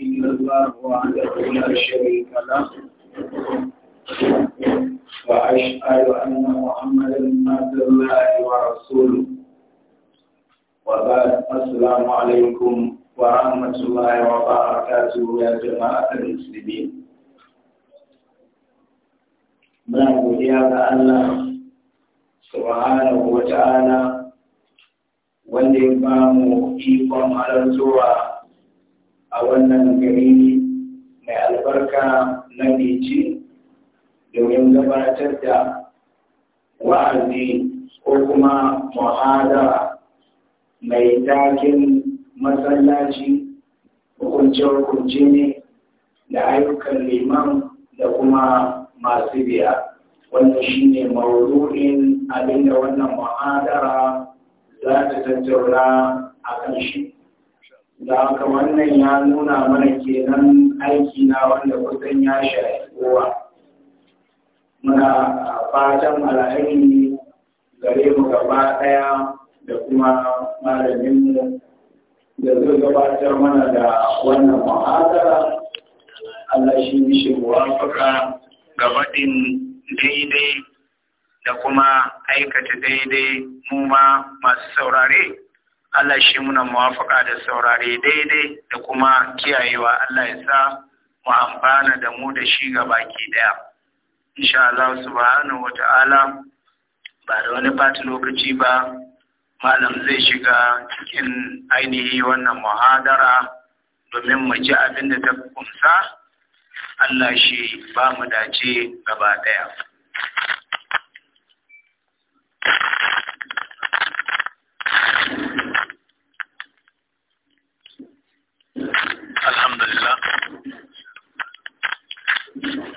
إلا الله وحده لا شريك له وأشهد أن محمدا عبد الله ورسوله وبعد السلام عليكم ورحمة الله وبركاته يا جماعة المسلمين من godiya ga سبحانه وتعالى wa ta'ala wanda ya bamu a wannan gari mai albarka na Beci domin gabatar da wa'azi ko kuma muhadara mai takin masallaci hukunce-hukunce ne da ayyukan liman da kuma masu biya wannan shi ne maudu'in abinda wannan muhadara za ta tattauna a kan shi da haka wannan ya nuna mana kenan aiki na wanda kusan ya shafi kowa muna fatan alhaini gare mu gaba ɗaya da kuma malaminmu da zai gabatar mana da wannan muhadara Allah shi mishi wafaka ga faɗin daidai da kuma aikata daidai mu ma masu saurare Allah shi muna muwafaka da saurare daidai da kuma kiyayewa Allah ya sa mu amfana da mu da shi ga baki daya insha Allah subhanahu wata'ala ba da wani bata lokaci ba malam zai shiga cikin ainihi wannan muhadara domin mu ji abin da ta kumsa Allah shi ba mu dace gaba daya الحمد لله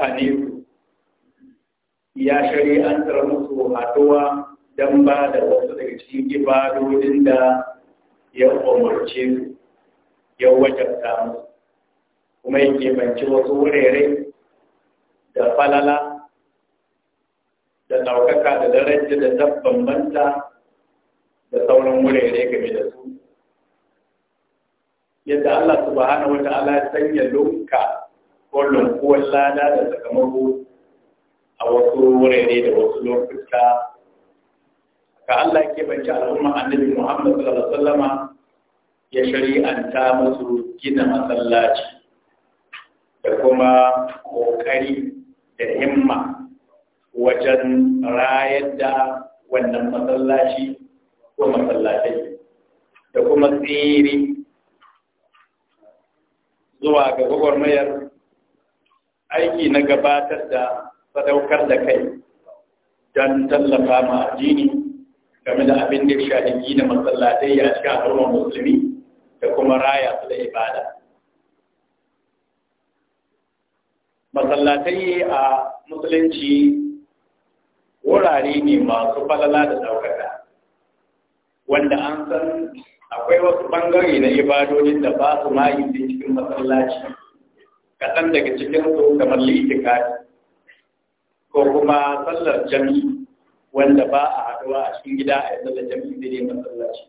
ta ya shari'antar musu haɗuwa don ba da wasu daga cikin ibadodin da ya umarce su ya wajabta musu kuma ya kebanci wasu wurere da falala da ɗaukaka da daraja da tabbambanta da sauran wurere game da su yadda Allah subhanahu wa ta'ala ya sanya lokaci kullum kuwan lada da sakamako a wasu wurare da wasu lokuta ka Allah ke banci al'umma annabi Muhammad sallallahu alaihi wasallama ya shari'anta musu gina masallaci da kuma kokari da himma wajen rayar da wannan masallaci ko masallatai da kuma tsiri zuwa ga gwagwarmayar aiki na gabatar da sadaukar da kai don tallafa ma addini game da abin da shaɗi gina masallatai ya cikin al'ummar musulmi da kuma raya su da ibada masallatai a musulunci wurare ne masu falala da ɗaukaka wanda an san akwai wasu bangare na ibadodin da ba su ma yi cikin masallaci kaɗan daga cikin su kamar litika ko kuma sallar jami wanda ba a haɗuwa a cikin gida a yadda da jami zai yi masallaci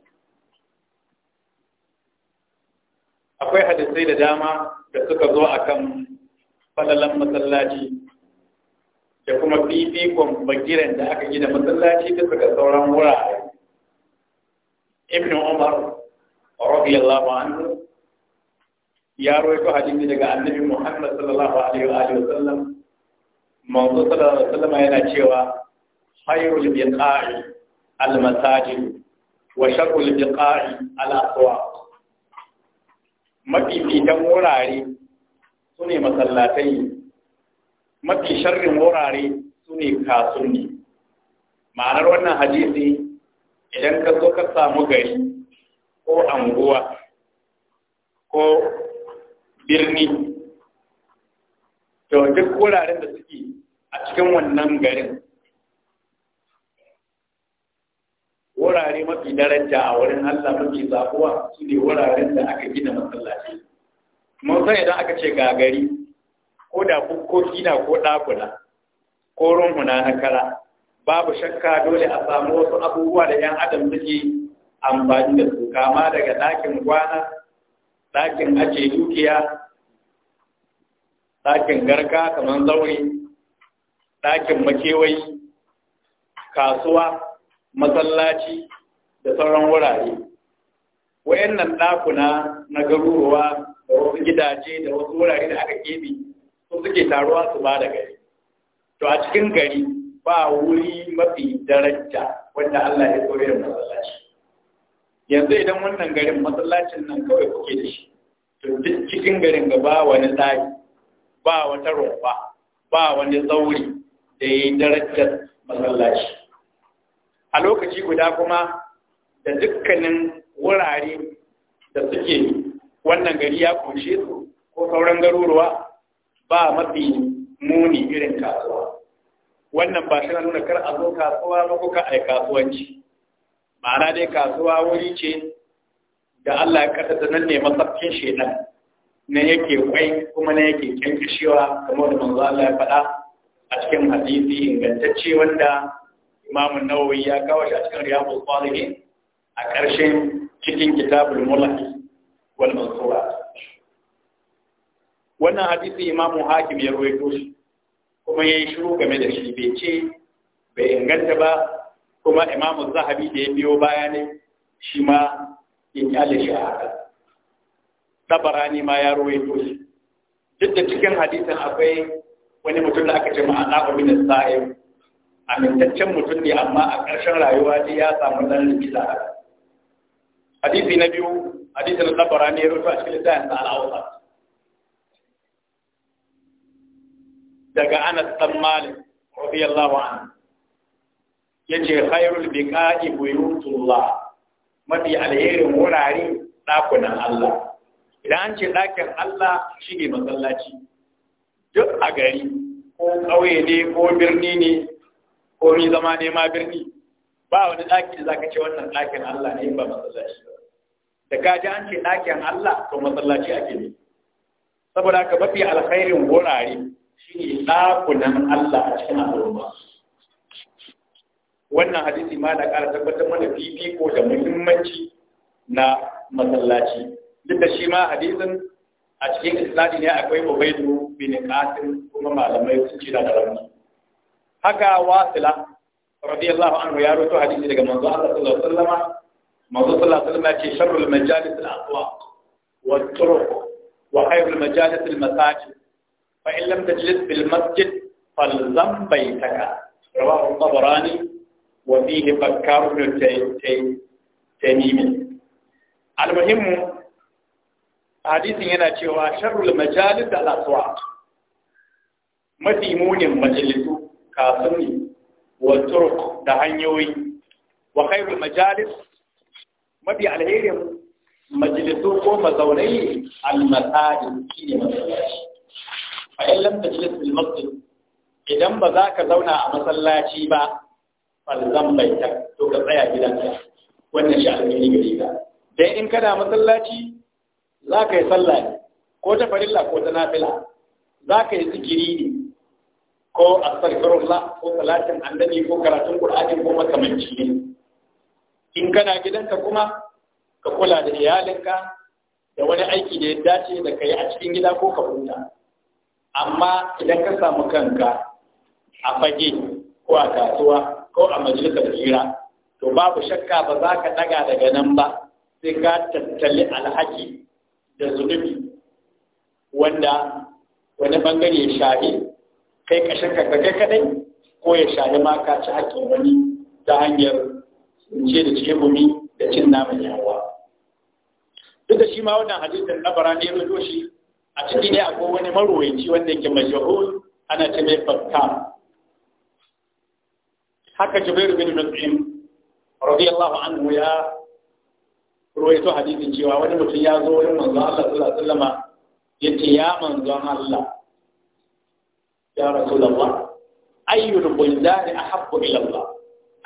akwai hadisai da dama da suka zo a kan falalan masallaci da kuma fifikon bagiren da aka gina masallaci da suka sauran wurare ibn umar radiyallahu anhu ya rawaito hadisi daga annabi Muhammad sallallahu alaihi wa alihi wasallam manzo sallallahu alaihi wasallam yana cewa khairul liqa'i al masajid wa sharrul liqa'i al Mafi fitan wurare sune masallatai mafi sharrin wurare sune kasuni. ma'anar wannan hadisi idan ka so ka samu gari ko anguwa ko birni to duk wuraren da suke a cikin wannan garin wurare mafi daraja a wurin Allah mafi zafuwa su ne wuraren da aka gina masallaci mun san idan aka ce gagari ko da bukkoki na ko ɗakuna ko runhuna na kara babu shakka dole a samu wasu abubuwa da 'yan adam suke amfani da su kama daga ɗakin kwana ɗakin ajiye dukiya ɗakin garka kamar zaure ɗakin makewai kasuwa masallaci da sauran wurare wayannan ɗakuna na garuruwa da wasu gidaje da wasu wurare da aka keɓe su suke taruwa su ba da gari to a cikin gari ba wuri mafi daraja wanda Allah ya tsore da masallaci yanzu idan wannan garin masallacin nan kawai kuke da shi to duk cikin garin gaba wani tsari ba wata rumfa ba wani tsauri da ya yi darajar masallaci a lokaci guda kuma da dukkanin wurare da suke wannan gari ya kunshe su ko sauran garuruwa ba mafi muni irin kasuwa wannan ba shi nuna kar a zo kasuwa ba kuka yi kasuwanci ma'ana dai kasuwa wuri ce da Allah ya kasa nan ne masafkin nan. na yake kwai kuma na yake kyankashewa kamar da manzo ya faɗa a cikin hadisi ingantacce wanda Imam Nawawi ya kawo shi a cikin Riyadus Salihin a ƙarshen cikin Kitabul Mulk wal Mansurat wannan hadisi Imam Hakim ya rawaito shi kuma ya yi shiru game da shi bai ce bai inganta ba kuma Imam Zahabi da ya biyo baya ne shi ma in yi shi a haka tabarani ma ya ruwaito shi duk da cikin hadisin akwai wani mutum da aka ce ma'ana umin sa'ib amintaccen mutum ne amma a ƙarshen rayuwa ne ya samu dan likita hadisi na biyu hadisin tabarani ya rufe a cikin littafin sa al-awsat daga Anas bin Malik radiyallahu anhu yace khairul biqa'i buyutullah mafi alherin wurare dakunan Allah idan an ce ɗakin Allah shi ne masallaci duk a gari ko ƙauye ne ko birni ne ko ni zama ne ma birni ba wani ɗaki za ka ce wannan ɗakin Allah ne ba matsalaci da ka ji an ce ɗakin Allah to masallaci ake ne saboda ka mafi alkhairin wurare shi ne ɗakunan Allah a cikin al'umma wannan hadisi ma da ƙara tabbatar mana fifiko da muhimmanci na masallaci duk da shi ma hadisin a cikin isnadi ne akwai ubaidu bin qasim kuma malamai sun ci da rauni haka wasila radiyallahu anhu ya rawaito hadisi daga manzo Allah sallallahu alaihi wasallam manzo sallallahu alaihi wasallam ya ce sharrul majalis al-aswaq wa turuq wa khayrul majalis al-masajid fa in lam tajlis bil masjid falzam baytaka rawahu at-tabarani wa fihi bakkar ibn taymiyyah al-muhimmu hadisin yana cewa sharrul majalis da al'aswa mafi munin majalisu kasuni wa turuk da hanyoyi wa khairul majalis mafi alherin majalisu ko mazaunai al-masajid shine masallaci fa in lam tajlis bil masjid idan ba za ka zauna a masallaci ba falzan bai ta to ka tsaya gidanka wannan shi alheri gare ka dan in kana masallaci za ka yi sallah ko ta farilla ko ta nafila za ka yi zikiri ne ko a la ko salatin annabi ko karatun kur'anin ko makamanci ne in kana gidanka kuma ka kula da iyalinka da wani aiki da ya dace da kai a cikin gida ko ka huta amma idan ka samu kanka a fage ko a kasuwa ko a majalisar hira to babu shakka ba za ka daga daga nan ba sai ka tattali alhaki da zunubi wanda wani bangare ya shahi kai kashin karka kai kadai ko ya shahi ma ka ci haƙƙin wani ta hanyar ce da cikin gumi da cin naman yawa duk da shi ma wannan hadisin na bara ne rujo shi a cikin ne akwai wani marowaci wanda yake mashahur ana ce mai fakka haka jubair bin mut'im radiyallahu anhu ya ruwaito hadisin cewa wani mutum ya zo wurin manzon Allah sallallahu alaihi wasallam yace ya manzon Allah ya rasulullah ayyul buldani ahabbu ila Allah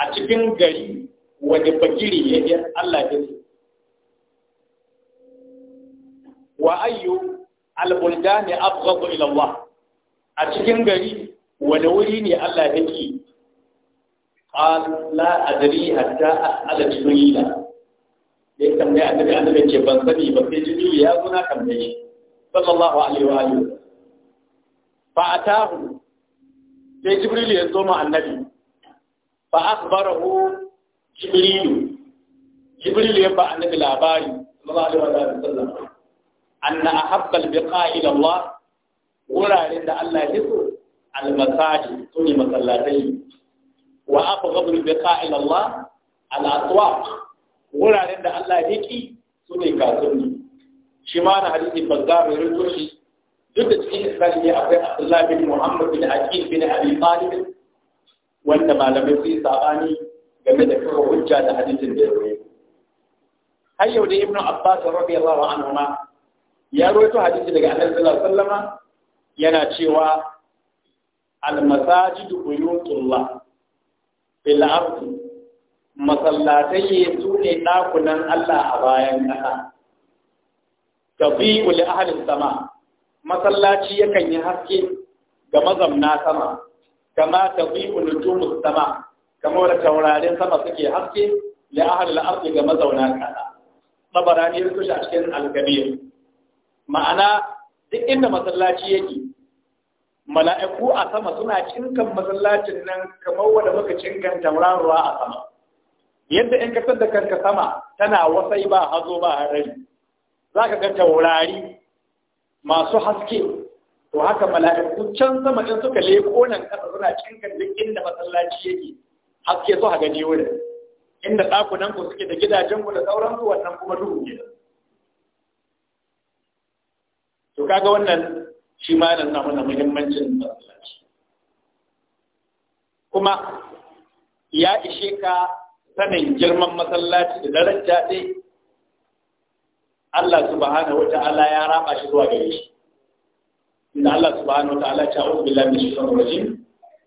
a cikin gari wani bagiri ya yi Allah ya ce wa ayyu al-buldani abghadu ila Allah a cikin gari wani wuri ne Allah ya ce qala la adri hatta as'ala jibrila da ya tambaye annabi annabi ce ban sani ba sai jibril ya zo na tambaye shi sallallahu alaihi wa alihi fa atahu sai jibril ya zo ma annabi fa akhbarahu jibril jibril ya ba annabi labari sallallahu alaihi wa sallam anna ahabba albiqa ila Allah wuraren da Allah ya so almasaji sune masallatai wa abghadu albiqa ila Allah al-aswaq wuraren da Allah ya ki su ne kasuwanni shi ma na hadisin bazza mai rinto shi duk da cikin islam ne akwai Abdullah bin Muhammad bin Aqil bin Abi Talib wanda malamai sun yi sabani game da kuma hujja da hadisin da ya rawaito har yau da Ibn Abbas radiyallahu anhu ma ya rawaito hadisi daga Annabi sallallahu alaihi wasallama yana cewa al-masajidu buyutullah fil ardi masallatai buɗe ɗakunan Allah a bayan ƙasa tafi'u a halin sama masallaci yakan yi haske ga mazamna sama kama wuli nujumus sama kamar da taurarin sama suke haske li ahlil ardi ga mazauna ƙasa ne ya kushe a cikin alkabir ma'ana duk inda masallaci yake mala'iku a sama suna cinkan masallacin nan kamar wanda muka cinkan tauraruwa a sama yadda in ka da kanka sama tana wasai ba hazo ba harari za ka ga taurari masu haske to haka mala'iku can sama in suka leko nan kasa suna cikin duk inda masallaci yake haske su haga ne wurin inda ɗakunan ku suke da gidajen ku da sauran su wannan kuma duhu ne to kaga wannan shi ma nan nuna na muhimmancin masallaci kuma ya ishe ka sanin girman masallaci da daraja ɗai Allah subhanahu wata'ala ya raba shi zuwa gare shi inda Allah subhanahu wata'ala ta uzu billahi min shaitanir rajim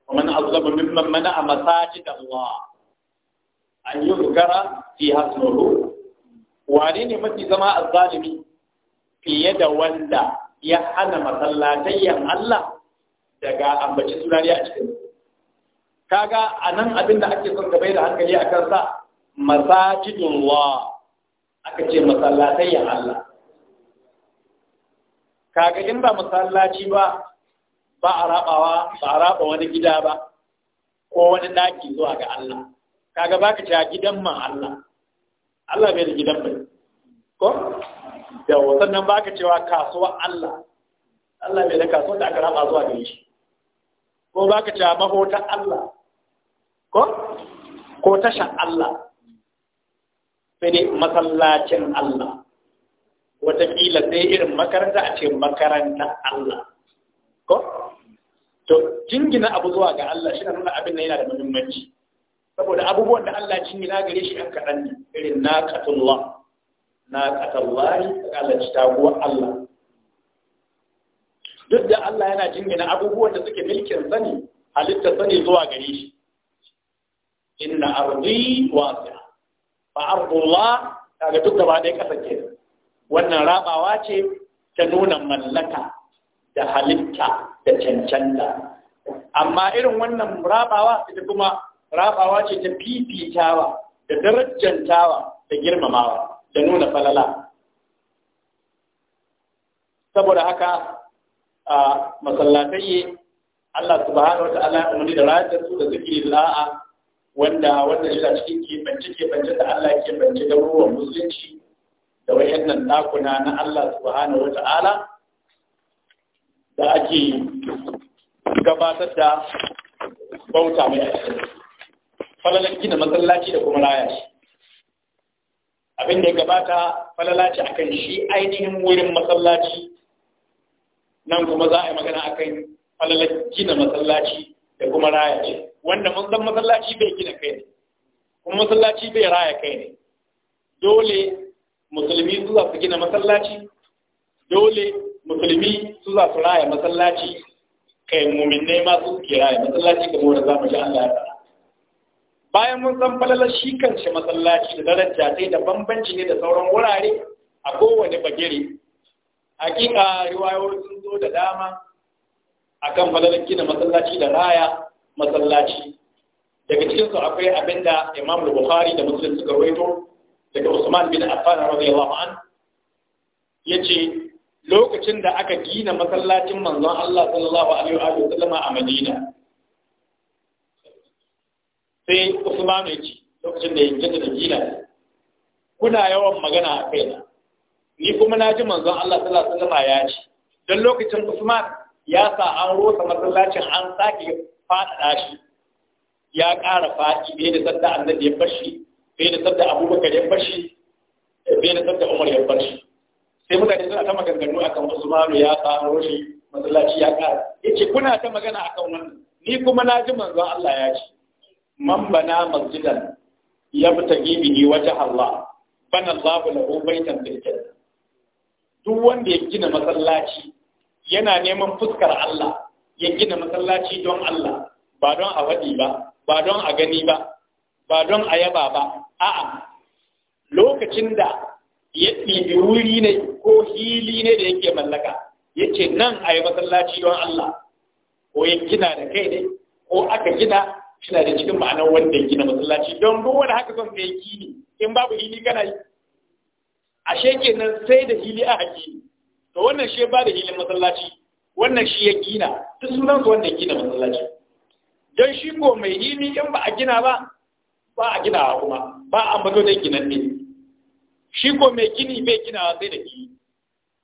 wa man azlama mimman mana'a masajid Allah an yuzkara fi hasmuhu wa ne mafi zama azzalimi fiye da wanda ya hana masallatayyan Allah daga ambaci sunariya a cikin kaga a nan abin da ake son gabai da hankali a kansa wa aka ce masallatai ya Allah kaga in ba masallaci ba ba a rabawa ba a raba wani gida ba ko wani daki zuwa ga Allah kaga baka ci gidan ma Allah Allah bai da gidan bai ko da sannan baka cewa kasuwa Allah Allah bai da kasuwa da aka raba zuwa gare shi ko baka cewa mahota Allah ko ko tasha Allah sai dai masallacin Allah wataƙila sai irin makaranta a ce makaranta Allah ko to jingina abu zuwa ga Allah shi na nuna abin nan yana da muhimmanci saboda abubuwan da Allah jingina gare shi an kaɗan ne irin naqatullah naqatullahi Allah ci taguwa Allah duk da Allah yana jingina abubuwan da suke milkin sani halitta sani zuwa gare shi inna arzi wasi'a fa ardullah kaga duk gaba ɗaya ƙasa ke wannan rabawa ce ta nuna mallaka da halitta da cancanta amma irin wannan rabawa ita kuma rabawa ce ta fifitawa da darajantawa da girmamawa da nuna falala saboda haka a masallatai Allah subhanahu wa ta'ala ya umarni da rajin su da zikiri la'a wanda wanda yana cikin kebance kebance da Allah ke bance da ruwan musulunci da nan dakuna na Allah subhanahu wata'ala da ake gabatar da bauta mai aiki, falalan gina masallaci da kuma raya shi abin da ya gabata falalaci akan shi ainihin wurin masallaci nan kuma za a yi magana akan falalan gina masallaci da kuma raya shi wanda mun san masallaci bai gina kai ne kuma masallaci bai raya kai ne dole musulmi su za su gina masallaci dole musulmi su za su raya masallaci kai ne ma su ke raya masallaci kamar da za mu ji Allah ya bayan mun san falalar shi kanshi masallaci da daraja sai da bambanci ne da sauran wurare a kowane bagire hakika riwayoyi sun zo da dama akan falalar gina masallaci da raya masallaci daga cikin su akwai abinda Imam Bukhari da Muslim suka rawaito daga Usman bin Affan radiyallahu an yace lokacin da aka gina masallacin manzon Allah sallallahu alaihi wa sallama a Madina sai Usman ya ce lokacin da yake da gina kuna yawan magana a kaina ni kuma na ji manzon Allah sallallahu alaihi wa sallama ya ce don lokacin Usman ya sa an rosa masallacin an sake faɗaɗa shi ya ƙara faɗi bai da sadda annabi ya fashi bai da sadda abubakar ya fashi bai da sadda umar ya fashi sai mutane suna ta maganganu akan usmanu ya tsaro shi masallaci ya ƙara ya ce kuna ta magana akan wannan ni kuma na ji manzon Allah ya ce man bana masjidan ya gibi ni wajen Allah bana Allah lahu baitan fil jannah duk wanda ya gina masallaci yana neman fuskar Allah ya gina masallaci don Allah ba don a waɗi ba ba don a gani ba ba don a yaba ba a'a lokacin da ya ɗibi wuri ne ko hili ne da yake mallaka ya ce nan a yi masallaci don Allah ko ya gina da kai ne ko aka gina suna da cikin ma'anar wanda ya gina masallaci don duk wani haka son ka yi kini in babu hili kana yi ashe kenan sai da hili a haƙi to wannan shi ba da hilin masallaci wannan shi ya gina duk sunan su wannan ya gina masallaci don shi ko mai hili in ba a gina ba ba a gina kuma ba a mato da ginan ne shi ko mai gini bai gina sai da hili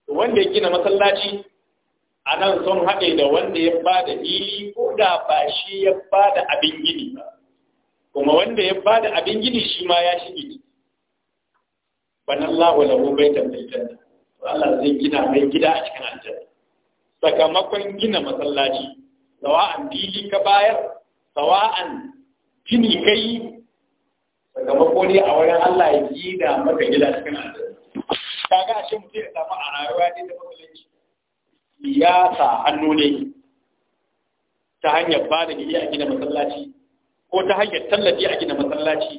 wanda ya gina masallaci a nan sun haɗe da wanda ya ba da hili ko da ba shi ya ba da abin gini ba kuma wanda ya ba da abin gini shi ma ya shi gini ban Allah wa lahu baitan fil janna Allah zai gina mai gida a cikin aljanna sakamakon gina masallaci sawa'an fili ka bayar sawa'an gini kai sakamako ne a wurin Allah ya da maka gida cikin aljanna ga ashe mutu ya samu a rayuwa ne da matsalaci, ya sa hannu ne ta hanyar ba da gidi a gina masallaci ko ta hanyar tallafi a gina masallaci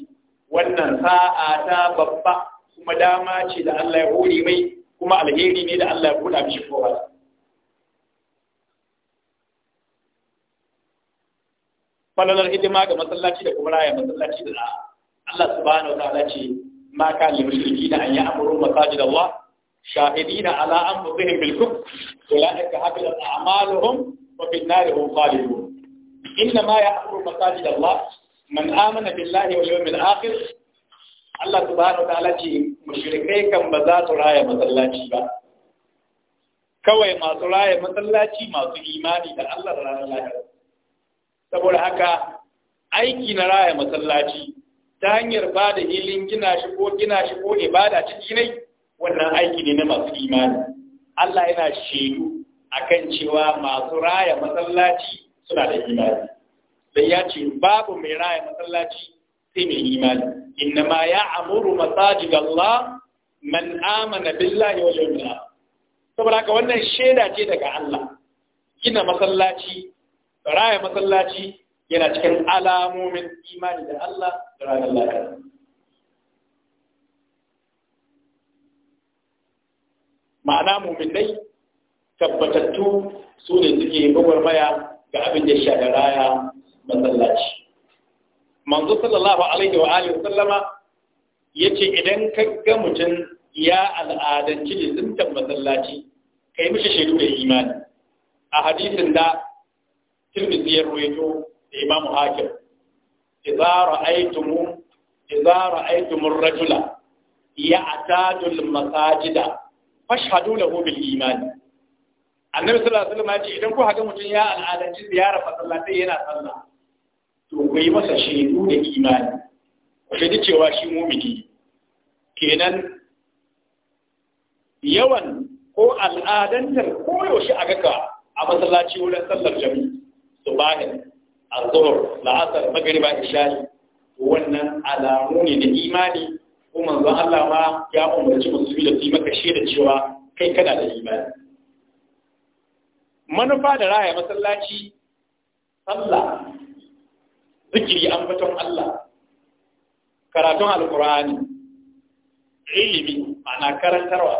wannan sa'a ta babba kuma dama ce da Allah ya hore mai kuma alheri ne da Allah ya buɗa mishi kowa falalar hidima ga masallaci da kuma raya masallaci da za'a Allah subhanahu wa ta'ala ce ma ka li mushriki da an ya'muru masajid Allah shahidina ala anfusihim bil kufr ulaika habitat a'maluhum wa fi an-nar hum khalidun inna ma ya'muru masajid Allah man amana billahi wal yawmil akhir Allah subhanahu wa ta'ala ce mushrikai kan ba za su raya masallaci ba kawai masu raya masallaci masu imani da Allah da ranar lahira saboda haka aiki na raya masallaci ta hanyar ba da hilin gina shi ko gina shi ko ibada ciki ne wannan aiki ne na masu imani Allah yana shaidu akan cewa masu raya masallaci suna da imani da ya ce babu mai raya masallaci sai mai imani inna ma ya amuru masajid Allah man amana billahi wa jami'a saboda haka wannan shaida ce daga Allah gina masallaci raya masallaci yana cikin alamomin imani da Allah da ranar lafiya ma'ana muminai tabbatattu su ne suke gwagwarmaya ga abin da da raya masallaci manzo sallallahu alaihi wa alihi sallama yace idan ka ga mutum ya al'adanci da sun masallaci kai mishi shaidu da imani a hadisin da tirmidhi ya ruwaito da imam hakim idza ra'aytum idza ra'aytum ar-rajula ya'tadu al-masajida fashhadu lahu bil iman annabi sallallahu alaihi wasallam ya idan ku haga mutum ya al'adanci ziyara masallatai yana sallah to ku yi masa shaidu da imani ku shaidu cewa shi mumini kenan yawan ko al'adantar koyaushe a gaka a masallaci wurin sallar jami'i subahin azhur la'asar magriba isha'i wannan alamu ne da imani ko manzon Allah ma ya umarci musulmi da cewa kai kana da imani manufa da raya masallaci sallah zikiri ambaton Allah karatun alkur'ani ilimi ana karantarwa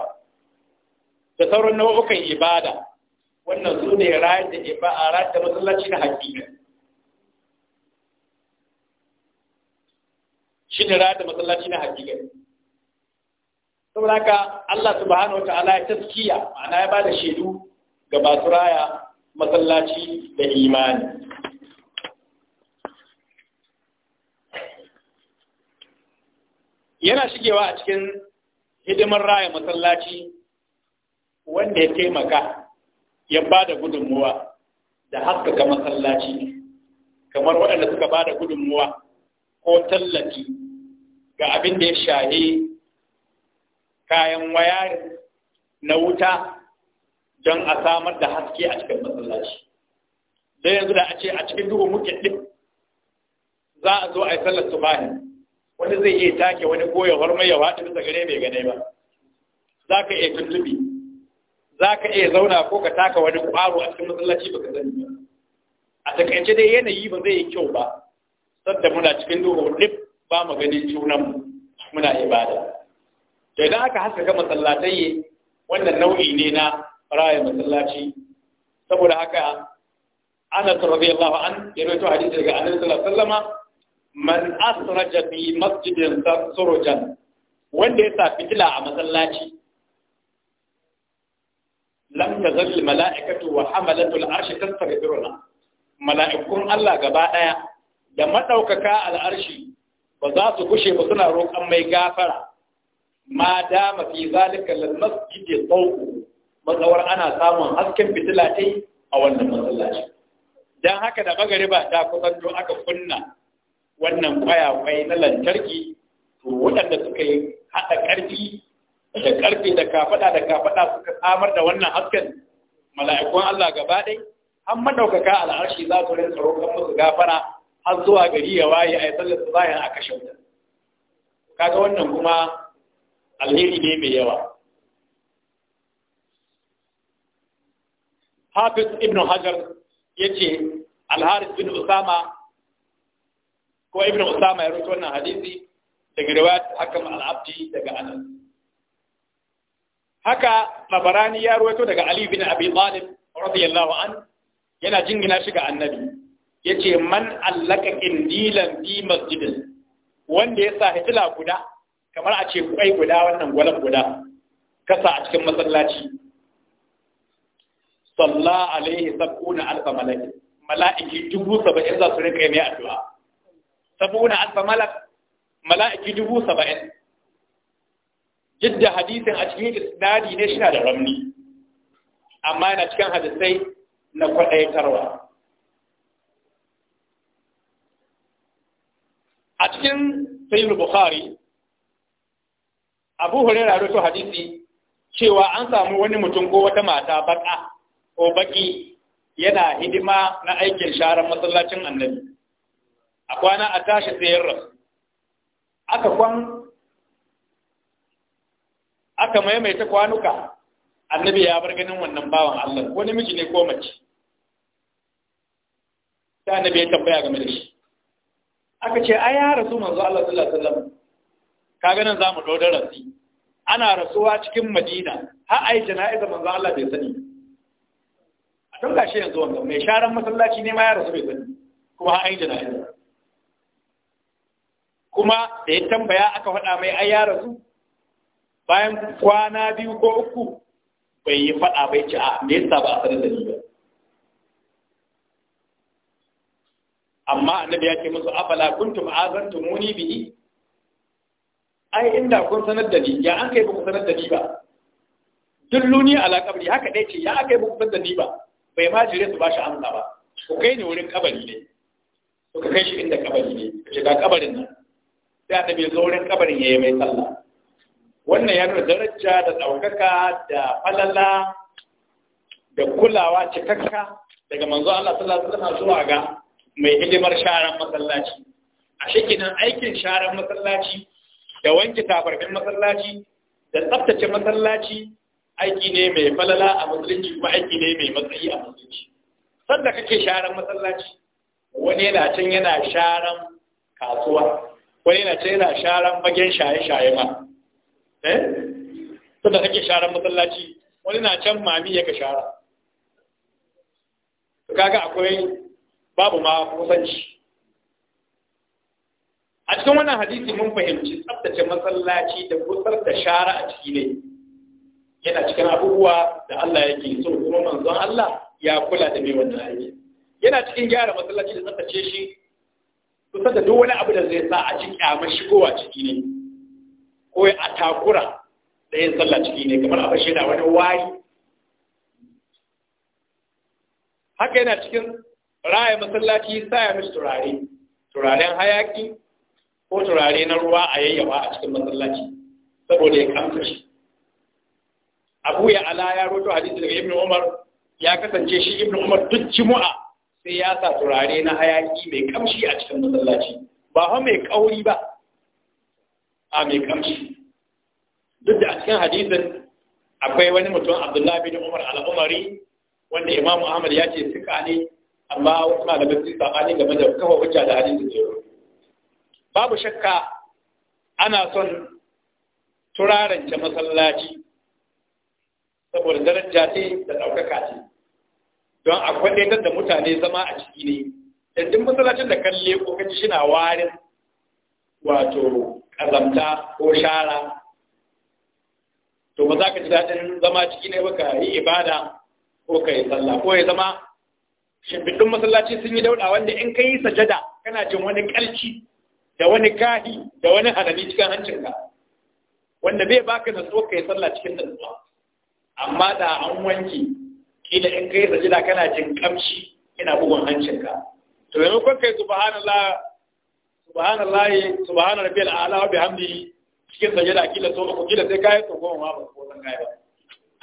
da sauran nau'ukan ibada wannan su ne rayar da a rayar da masallaci na hakika shi ne rayar da masallaci na hakika saboda haka Allah subhanahu wa ta'ala ya taskiya ma'ana ya bada shaidu ga masu raya masallaci da imani yana shigewa a cikin hidimar raya masallaci wanda ya taimaka ya ba da gudunmuwa da haskaka masallaci kamar waɗanda suka ba da gudunmuwa ko tallafi ga abin da ya shahi kayan waya na wuta don a samar da haske a cikin masallaci zai yanzu da a ce a cikin duhu muke ɗin za a zo a yi sallar subahi wani zai iya take wani koyawar mai yawa ɗin gare bai gane ba za ka iya tuntubi za ka iya zauna ko ka taka wani ƙwaro a cikin masallaci ba ka sani ba a takaice dai yanayi ba zai yi kyau ba sadda muna cikin duhu duk ba mu ganin junan muna ibada to idan aka haskaka masallatai wannan nau'i ne na raya masallaci saboda haka Anas radiyallahu an ya rawaito hadisi daga Annabi sallallahu alaihi man asraja bi masjidin sarjan wanda ya sa fitila a masallaci lam tazal mala'ikatu wa hamalatul arshi tastaghfiruna mala'ikun Allah gaba daya da madaukaka al'arshi ba za su kushe ba suna roƙon mai gafara ma dama fi zalika lil masjidi tsawu matsawar ana samun hasken fitila tai a wannan masallaci dan haka da magariba ta kusanto aka kunna wannan kwayakwai na lantarki to waɗanda suka yi haɗa ƙarfi da karfe da kafada da kafada suka samar da wannan hasken mala'ikun Allah gaba ɗai an madaukaka al'arshi za su rinka roƙon musu gafara har zuwa gari ya waye a yi sallar su bayan aka shauta. kaga wannan kuma alheri ne mai yawa hafiz ibn hajar ya ce alharis bin usama ko ibn usama ya rute wannan hadisi daga riwayat hakan al'abdi daga anas haka tabarani ya ruwaito daga ali bin abi talib radiyallahu an yana jingina shi ga annabi yace man allaka indilan fi masjidin wanda ya sa hitila guda kamar a ce kwai guda wannan gwalan guda kasa a cikin masallaci salla alaihi sabuna alfa malaki mala'iki dubu saba'in za su rinka yi mai addu'a sabuna alfa malak mala'iki dubu saba'in yadda hadisin a cikin isnadi ne shi da ramni amma yana cikin hadisai na kwaɗaitarwa a cikin sayyid bukhari abu hurairah rawaito hadisi cewa an samu wani mutum ko wata mata baka ko baki yana hidima na aikin sharar masallacin annabi a kwana a tashi tsayin rasu aka kwan aka maimaita kwanuka annabi ya bar ganin wannan bawan Allah ko namiji ne ko mace sai annabi ya tambaya game da shi aka ce ai ya rasu manzo Allah sallallahu alaihi wasallam kaga nan zamu dodar rasi ana rasuwa cikin Madina Ha ai jana'iza manzo Allah bai sani a tun gashi yanzu wannan mai sharan masallaci ne ma ya rasu bai sani kuma ha ai jana'iza kuma da ya tambaya aka faɗa mai ai ya rasu bayan kwana biyu ko uku bai yi faɗa bai ci a me yasa ba a sanar da ni ba amma annabi ya ce musu afala kuntum azantumuni bihi ai inda kun sanar da ni ya an kai ba ku sanar da ni ba dulluni ala kabri haka dai ce ya aka yi ba ku sanar da ni ba bai ma jire su ba shi amsa ba ku kai ni wurin kabari ne ku kai shi inda kabari ne ku ce ga kabarin nan sai annabi ya zo wurin kabarin ya yi mai sallah wannan ya nuna daraja da ɗaukaka da falala da kulawa cikakka daga manzo Allah sallallahu alaihi wasallam zuwa ga mai hidimar sharan masallaci a shekinan aikin sharan masallaci da wanke tabarfin masallaci da tsaftace masallaci aiki ne mai falala a musulunci kuma aiki ne mai matsayi a musulunci sanda kake sharan masallaci wani yana can yana sharan kasuwa wani yana can yana sharan fagen shaye-shaye ma eh da kake sharar masallaci wani na can mami ya ka shara to kaga akwai babu ma kusanci a cikin wannan hadisi mun fahimci tsabtace masallaci da kusar da shara a ciki ne yana cikin abubuwa da Allah yake so kuma manzon Allah ya kula da mai wannan aiki yana cikin gyara masallaci da tsabtace shi kusa da duk wani abu da zai sa a cikin kyamar shigowa ciki ne ko a takura da yin sallah ciki ne kamar a fashe da wani wari haka yana cikin raya masallaci sa ya mishi turare turaren hayaki ko turare na ruwa a yayyawa a cikin masallaci saboda ya kamta shi abu ya ala ya roto hadisi daga ibn umar ya kasance shi ibn umar duk jimu'a sai ya sa turare na hayaki mai kamshi a cikin masallaci ba fa mai kauri ba a mai kamshi duk da a cikin hadisin akwai wani mutum abdullahi bin umar al'umari wanda imamu ahmad ya ce suka ne amma wasu malamai su sabani game da kafa hujja da da ne babu shakka ana son turarance masallaci saboda daraja ce da ɗaukaka ce don a ɗaya da mutane zama a ciki ne dandun masallacin da kalle ko kaji shi na warin wato azamta ko shara to ba za ka ji daɗin zama ciki ne ba ka yi ibada ko ka yi sallah ko ya zama shimfiɗin masallaci sun yi dauɗa wanda in ka yi sajada kana jin wani ƙarci da wani kahi da wani hanani cikin hancinka wanda bai baka natsuwa ka yi sallah cikin natsuwa amma da an wanke kila in ka yi sajada kana jin ƙamshi ina bugun hancinka to yanzu kai subhanallah سبحان الله سبحان ربي الاعلى وبحمده cikin sajada kila so uku kila sai kai to goma ba ko san kai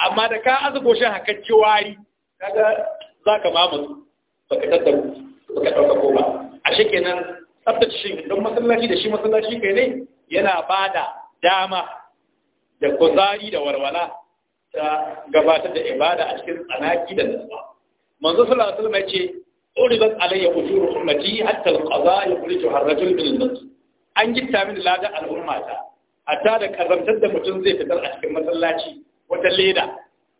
amma da ka azubo shin hakacce wari kaga zaka mamu baka tattaru baka dauka ko ba a kenan tsaftace shi don masallaci da shi masallaci kai ne yana bada dama da kuzari da walwala ta gabatar da ibada a cikin tsanaki da nutsuwa manzo sallallahu alaihi wasallam ya ce uridat alayya ujuru ummati hatta alqaza yukhriju ar-rajul min al-masjid an gitta min ladan al'ummata hatta da kazantar da mutum zai fitar a cikin masallaci wata leda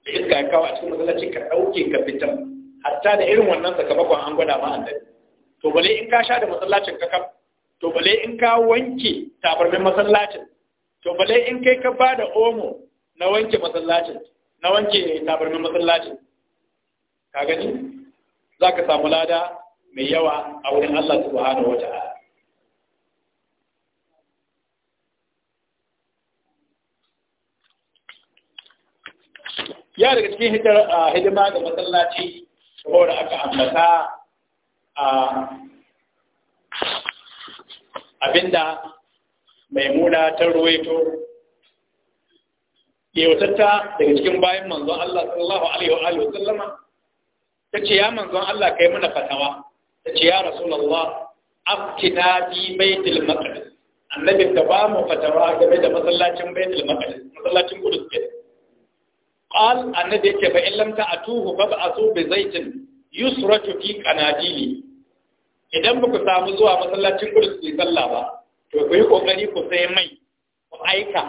da iska ya kawo a cikin masallaci ka dauke ka hatta da irin wannan sakamakon an gwada ma annabi to bale in ka sha da masallacin ka to bale in ka wanke masallacin to bale in kai ka omo na wanke masallacin na wanke masallacin za ka samu lada mai yawa a wurin Allah subhanahu wa ta'ala ya daga cikin hidima ga masallaci da aka ambata a abinda maimuna ta ruwaito yautarta daga cikin bayan manzon Allah sallallahu alaihi wa sallama ta ce ya manzon Allah kai mana fatawa ta ce ya rasu afki na bi baitul maqdis annabi ka ba mu fatawa game da masallacin baitul maqdis masallacin qudus ke qal annabi yake fa illam ta atuhu fa ba'su bi zaitin yusratu fi qanadili idan ba samu zuwa masallacin qudus ke sallah ba to ku yi kokari ku sai mai ku aika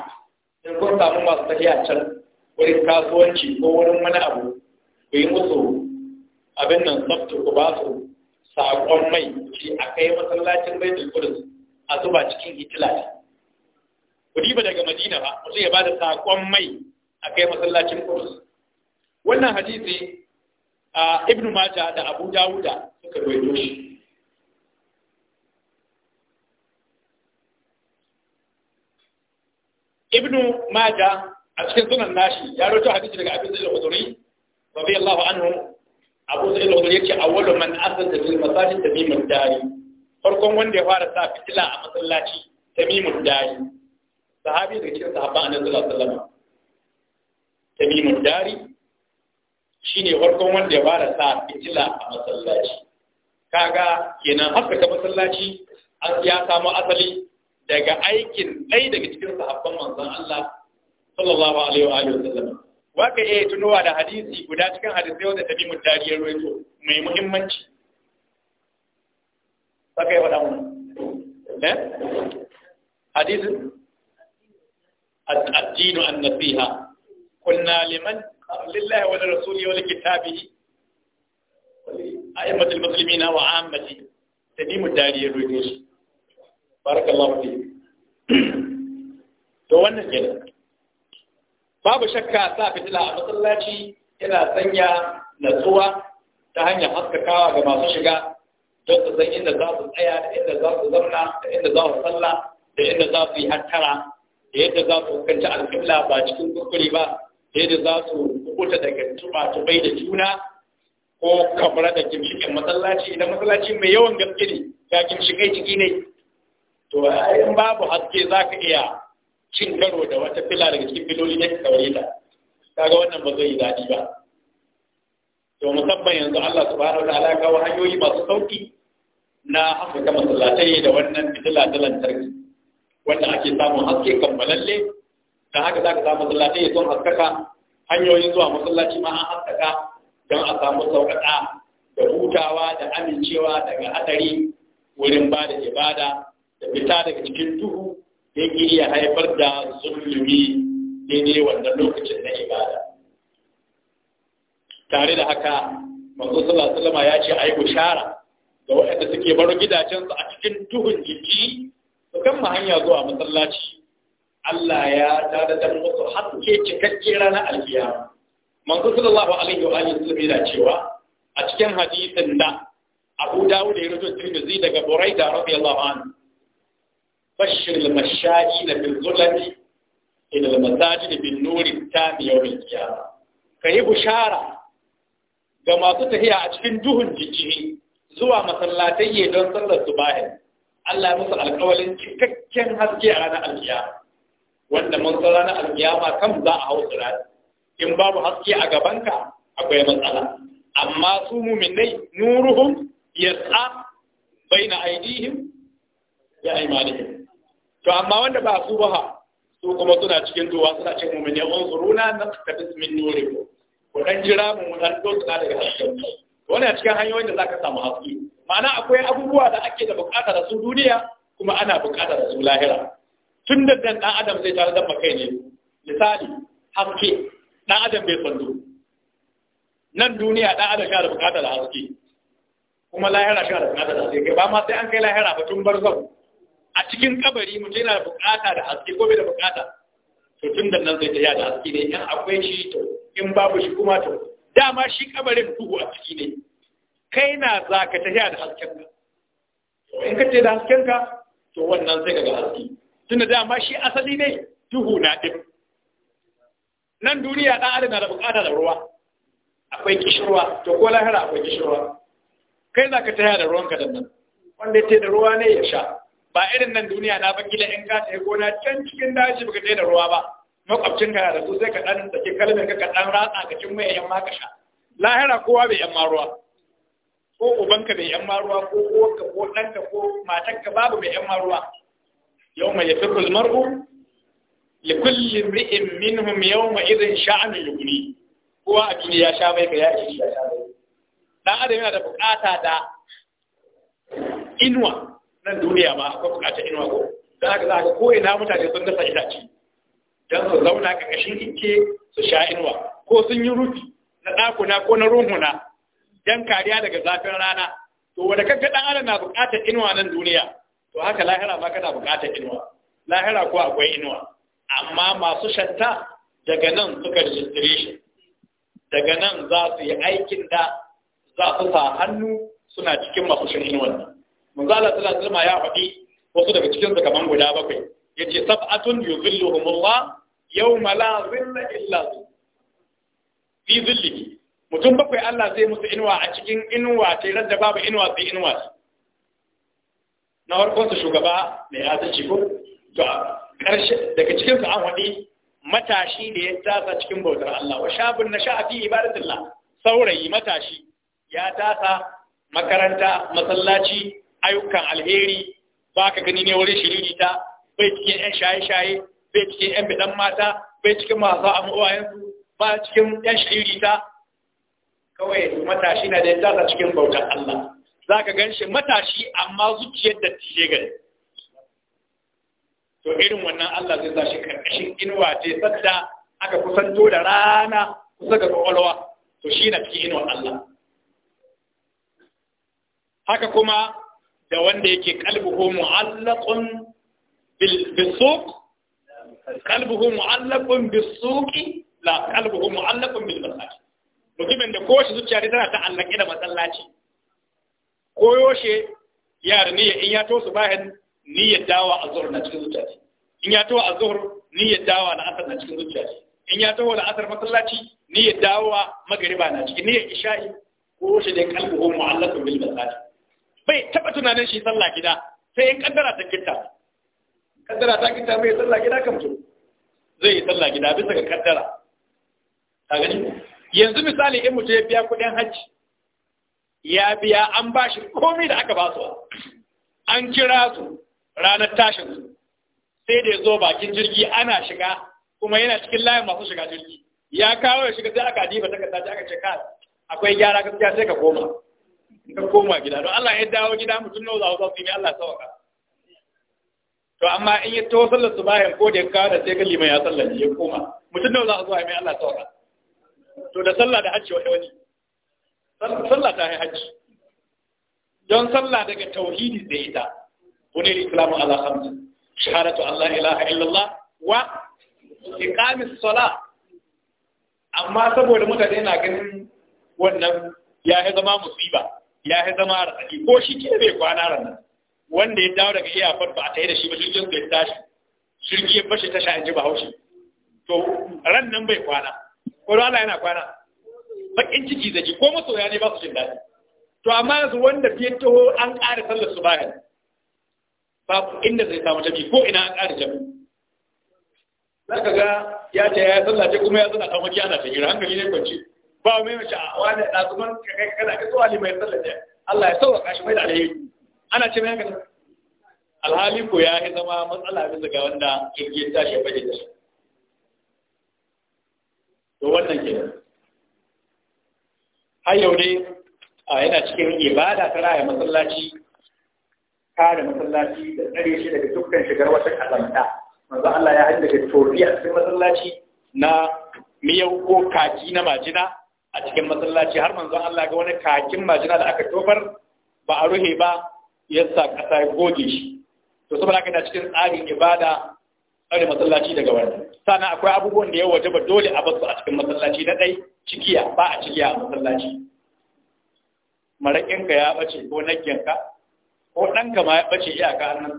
in ku samu masu tafiya can wurin kasuwanci ko wurin wani abu ku yi musu abin nan tsaftu ku ba su saƙon mai shi a kai masallacin baitul qudus a zuba cikin hitila ku diba daga madina ba mutum ya ba da saƙon mai a kai masallacin qudus wannan hadisi a ibn mata da abu dawuda suka rawaito shi ibn mata a cikin sunan nashi ya rawaito hadisi daga abin da al-khudri radiyallahu anhu abu sai da yake awwalu man asasa lil masajid tamimud dari farkon wanda ya fara sa fitila a masallaci tamimud dari sahabi da cikin sahabban annabi sallallahu alaihi wasallam tamimud dari shine farkon wanda ya fara sa fitila a masallaci kaga kenan haka ka masallaci an ya samu asali daga aikin ɗaya daga cikin sahabban manzon Allah sallallahu alaihi wa alihi wasallam waka iya tunowa da hadisi guda cikin hadisai wanda tabi mu dariyar mai muhimmanci saka yi faɗa mun eh hadisin الدين النصيحة قلنا لمن لله ولرسوله ولكتابه أئمة المسلمين وعامته تديم الدارية الرويديش بارك الله فيك to wannan kenan babu shakka sa fitila a masallaci yana sanya natsuwa ta hanyar haskakawa ga masu shiga don su san inda za su tsaya da inda za su zauna da inda za su sallah da inda za su yi hattara da yadda za su hukunci alƙibla ba cikin kuskure ba da yadda za su hukuta daga bai da juna ko kamara da gimshikin masallaci idan masallaci mai yawan gaske ne ga gimshikai ciki ne to in babu haske za ka iya cin karo da wata fila daga cikin filoli na kaure ta kaga wannan ba zai yi daɗi ba to musamman yanzu Allah subhanahu wataala ya kawo hanyoyi masu sauki na haskaka masallatai da wannan fitila ta lantarki wanda ake samun haske kammalalle da haka za ka samu masallatai ya sun haskaka hanyoyin zuwa masallaci ma an haskaka don a samu sauƙaƙa da hutawa da amincewa daga hadari wurin ba da ibada da fita daga cikin duhu yake iya haifar da zulmi ne wannan lokacin na ibada tare da haka manzo sallallahu alaihi ya ce yi bushara ga waɗanda suke baro gidajensu a cikin tuhun jiki su kan hanya zuwa masallaci Allah ya tada da musu haske cikakke ranar alkiyama manzo sallallahu alaihi wa alihi wasallam yana cewa a cikin hadisin da Abu Dawud ya rubuta Tirmidhi daga Buraida radiyallahu anhu bashir al-mashayi na Bin zulati Idan al-masajid bin nuri ta yawm al Ka yi bushara ga masu tafiya a cikin duhun jiki zuwa masallatai don sallar subahin Allah ya musu alƙawalin cikakken haske a ranar alƙiyama wanda mun san ranar alƙiyama kan za a hau sirati in babu haske a gabanka akwai matsala amma su muminai nuruhum bai na aidihim ya aymanihim to amma wanda ba su ba su kuma suna cikin duwa suna cin mumini on zuruna na tafis bismin nuri ko dan jira mu dan to suna daga hasken wannan cikin hanyoyin da zaka samu haske ma'ana akwai abubuwa da ake da bukata da su duniya kuma ana bukata da su lahira tun da dan adam zai tare da makai ne misali haske dan adam bai sando nan duniya dan adam ya da bukata da haske kuma lahira ya da bukata da haske ba ma sai an kai lahira ba tun barzan a cikin kabari mutum yana bukata da haske ko da bukata to tun da nan zai ta da haske ne in akwai shi to in babu shi kuma to dama shi kabarin duhu a ciki ne kai na za ka ta da hasken ka in ka ce da hasken ka to wannan sai ka ga haske tun da dama shi asali ne duhu na din nan duniya 'da adam na da bukata da ruwa akwai kishirwa to ko lahira akwai kishirwa kai za ka ta da ruwanka da nan wanda ya ce da ruwa ne ya sha ba irin nan duniya na ba kila in ka tsaye gona can cikin daji baka tsaye da ruwa ba makwabcin ka da su sai ka dan take kalmar ka dan ratsa ka cin mai yan ma ka sha lahira kowa bai yan maruwa? Ko ko ubanka bai yan maruwa? ko uwanka ko ɗanka ko matanka babu bai yan maruwa ruwa yawma yafirru almar'u kulli imri'in minhum yawma idhin sha'anu yughni kowa a duniya ya sha mai ka ya ishi ya sha mai dan adam yana da bukata da inuwa nan duniya ma akwai bukatar inuwa ko Za ka za ka ko ina mutane sun dasa itace don su zauna ƙarƙashin ike su sha inuwa ko sun yi rufi na ɗakuna ko na ruhuna dan kariya daga zafin rana to wanda kaga ɗan adam na bukatar inuwa nan duniya to haka lahira ma kana bukatar inuwa lahira ko akwai inuwa amma masu shatta daga nan suka rijistire shi daga nan za su yi aikin da za su sa hannu suna cikin masu shan inuwan manzo Allah sallallahu alaihi wasallam ya faɗi wasu daga cikin su kaman guda bakwai yace sab'atun yuzilluhumullah yawma la zilla illa zu fi zillihi mutum bakwai Allah zai musu inuwa a cikin inuwa ta radda babu inuwa sai inuwa na farkon su shugaba mai adalci ko to karshe daga cikin su an faɗi matashi da ya tasa cikin bautar Allah wa shabun na sha'afi ibadatillah saurayi matashi ya tasa makaranta masallaci ayyukan alheri ba ka gani ne wurin ta bai cikin 'yan shaye-shaye bai cikin 'yan bidan mata bai cikin masu su ba cikin 'yan ta kawai matashi na da ya cikin bautar Allah za ka gan shi matashi amma zuciyar da tiye gari to irin wannan Allah zai sa shi karkashin inuwa ce sadda aka kusanto da rana kusa ga kwakwalwa to shi na cikin inuwa Allah haka kuma da wanda yake kalbuhu mu'allaqun bisuq kalbuhu mu'allaqun bisuqi la kalbuhu mu'allaqun bil masajid mutumin da kowace zuciya ne tana ta'allake da masallaci koyoshe yar ne in ya tosu bayan niyyar dawa a zuhur na cikin zuciya in ya towa a zuhur niyyar dawa na asar na cikin zuciya in ya towa da asar masallaci niyyar dawa magariba na cikin niyyar isha'i koyoshe dai kalbuhu mu'allaqun bil masajid bai taba tunanin shi sallah gida sai in kaddara ta kitta kaddara ta kitta mai sallah gida kam to zai yi sallah gida bisa ga kaddara ka gani yanzu misali in mutum ya biya kuɗin hajji ya biya an ba shi komai da aka ba su an kira su ranar tashin su sai da ya zo bakin jirgi ana shiga kuma yana cikin layin masu shiga jirgi ya kawo ya shiga sai aka diba ta kasa aka ce ka akwai gyara gaskiya sai ka koma ka koma gida don Allah ya dawo gida mutum nawa za su yi Allah sauka to amma in ya to sallar su bayan ko da ya kawo da sai kalli mai ya sallar ya koma mutum nawa za su yi mai Allah sauka to da sallah da hajji wani wani sallah ta yi hajji don sallah daga tauhidi da ita wani islamu ala hamdu shahadatu Allah ilaha illallah wa iqamis sala". amma saboda mutane na ganin wannan ya yi zama musiba ya yi zama arziki ko shi ke bai kwana ranar wanda ya dawo daga iyakar ba a tsaye da shi ba jirgin ya tashi jirgi ya bashi tasha in ji haushi to ran nan bai kwana ko Allah yana kwana bakin ciki zaki ko masoya ne ba su jin daɗi to amma yanzu wanda fiye taho an ƙara sallar su bayan babu inda zai samu tafi ko ina an ƙara jami za ka ga ya ce ya sallah ce kuma ya zana kamar ana ta hira hankali ne kwanci ba mai mace a wani ɗazuman kai kana ka zuwa limai sallar da Allah ya sauwa kashi mai da alheri ana ce mai haka alhali ko ya yi zama matsala bisa ga wanda kirki ta shi baje da shi to wannan ke har yau dai a yana cikin ibada ta raya masallaci kare masallaci da tsare shi daga dukkan shigar wata kazanta manzo Allah ya hajji daga tofi cikin masallaci na miyau ko kaji na majina a cikin masallaci har manzon Allah ga wani kakin majina da aka tofar ba a ruhe ba ya sa kasa ya goge shi to saboda haka na cikin tsarin ibada tsare masallaci daga wani. sannan akwai abubuwan da ya waje ba dole a basu a cikin masallaci na dai cikiya ba a cikiya a masallaci marakinka ya bace ko nakinka ko ɗanka ma ya bace iyaka nan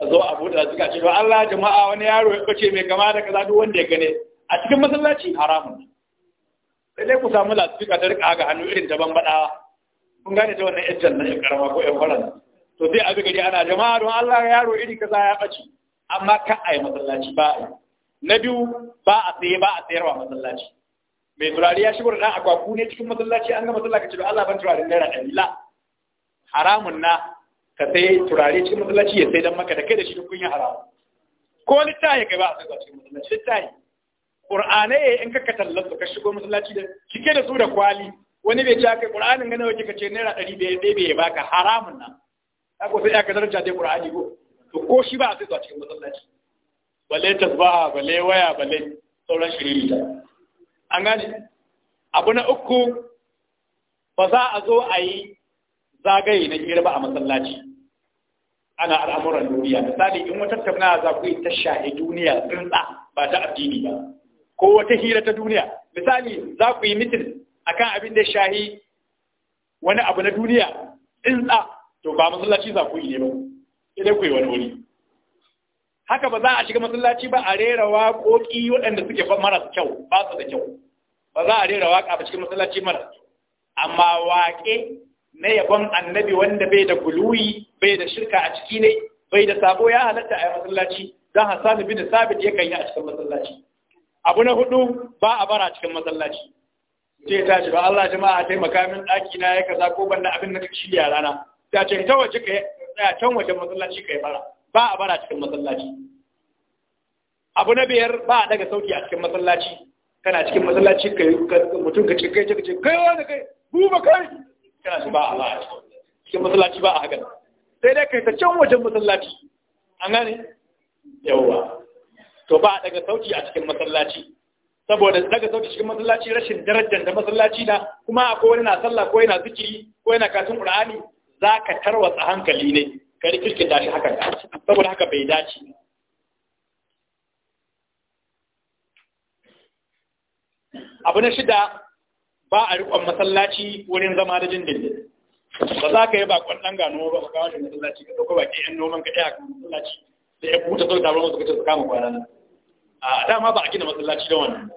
a zo a buɗe suka ce don Allah jama'a wani yaro ya bace mai kama da kaza duk wanda ya gane a cikin masallaci haramun sai dai ku samu lasfika ta rika ga hannu irin ta bambaɗawa kun gane ta wannan yajjan na yan karama ko yan faran to sai a gari ana jama'a don Allah yaro iri kaza ya ɓace amma ka a yi masallaci ba a na biyu ba a saye ba a sayarwa masallaci mai turare ya shigo da ɗan akwaku ne cikin masallaci an ga masallaci da Allah ban turare naira ɗari la haramun na ka sai turare cikin masallaci ya sai dan maka da kai da shi kun yi haramun ko littafi kai ba a sai cikin masallaci littaye ƙur'anai in ka ka tallansu ka shigo masallaci da kike da su da kwali wani bai ci kai ƙur'anin gane wace ka ce naira ɗari biyar ɗaya bai baka haramun nan ta ko sai aka zarta dai ƙur'ani ko to ko shi ba a sai zuwa cikin masallaci balle tasbaha balle waya balle sauran shiriri an gane abu na uku ba za a zo a yi zagaye na hira ba a masallaci ana al'amuran duniya misali in wata tattauna za ku yi ta shahi duniya tsintsa ba ta addini ba ko wata hira ta duniya misali za ku yi mitin akan abin da shahi wani abu na duniya tsa to ba masallaci za ku yi ne ba idan ku yi wani wuri haka ba za a shiga masallaci ba a rera waƙoƙi waɗanda suke marasa kyau ba su da kyau ba za a rera waƙa ba cikin masallaci marasa kyau amma waƙe na yabon annabi wanda bai da guluyi bai da shirka a ciki ne bai da sabo ya halatta a masallaci don hassan bin sabit yakan yi a cikin masallaci abu na hudu ba a bara cikin masallaci ce ta ce ba Allah jama'a taimaka min daki na ya kaza ko banda abin da ka shirya rana ta ce ta waje ka tsaya can wajen masallaci ka yi bara ba a bara cikin masallaci abu na biyar ba a daga sauki a cikin masallaci kana cikin masallaci ka mutum ka ce kai ce ce kai wani kai buba kai kana ce ba a ba cikin masallaci ba a haka sai dai kai ta can wajen masallaci an gane yawwa to ba a daga sauti a cikin masallaci saboda daga sauti cikin masallaci rashin darajar da masallaci na kuma akwai wani na sallah ko yana zikiri ko yana karatun qur'ani zaka tarwatsa hankali ne ka da shi haka saboda haka bai dace abu na shida ba a riƙon masallaci wurin zama da jin dindin ba za ka yi bakon ɗan gano ba ka kawo da masallaci ka ɗauka baki yan noman ka ɗaya masallaci da ya buta sau tabar masu kace su kama kwanan a dama ba a gina masallaci da wani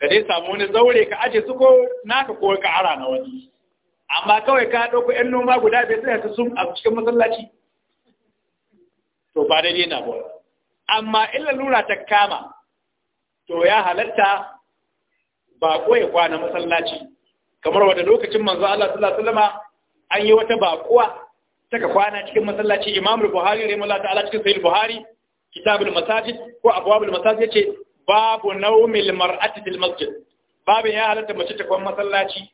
ka dai samu wani zaure ka aje su ko naka ko ka ara na wani amma kawai ka ɗauko ‘yan noma guda bai sai ta sun a cikin masallaci to ba dai na ba amma illa lura ta kama to ya halatta ba ya kwana masallaci kamar wanda lokacin manzo Allah sallallahu alaihi wasallam an yi wata baƙuwa ta ka kwana cikin masallaci Imam Buhari rahimahullah ta'ala cikin Sahih Buhari kitabul masajid ko abwabul masajid yace babu naumil mar'ati fil masjid babu ya halatta mace ta kwan masallaci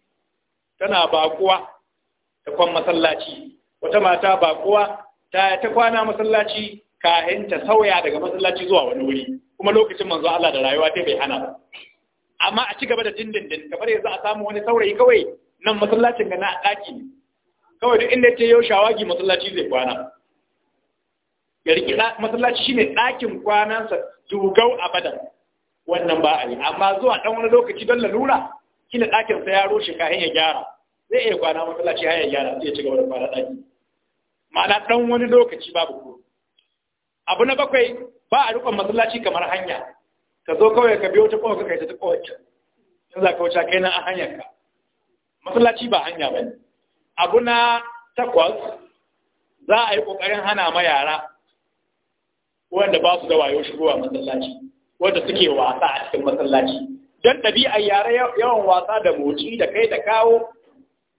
tana bakuwa ta kwan masallaci wata mata bakuwa ta ta kwana masallaci kahin ta sauya daga masallaci zuwa wani wuri kuma lokacin manzo Allah da rayuwa ta bai hana ba amma a ci gaba da dindindin kamar yanzu a samu wani saurayi kawai nan masallacin ga na daki kawai duk inda ta yau shawagi masallaci zai kwana ya riƙi masallaci ne ɗakin kwanansa dugau abadan wannan ba a yi amma zuwa ɗan wani lokaci don lalura kila ɗakin sa ya roshe ka hanyar gyara zai iya kwana masallaci hanyar gyara sai ya ci gaba da kwana ɗaki ma'ana ɗan wani lokaci babu ko abu na bakwai ba a riƙon masallaci kamar hanya ka zo kawai ka biyo ta kowa ka kai ta kowace in za ka wuce kai nan a hanyar ka masallaci ba hanya ba ne abu na takwas za a yi ƙoƙarin hana ma yara wanda ba su da wayo shigowa masallaci wanda suke wasa a cikin masallaci don ɗabi'ar yare yawan wasa da moci da kai da kawo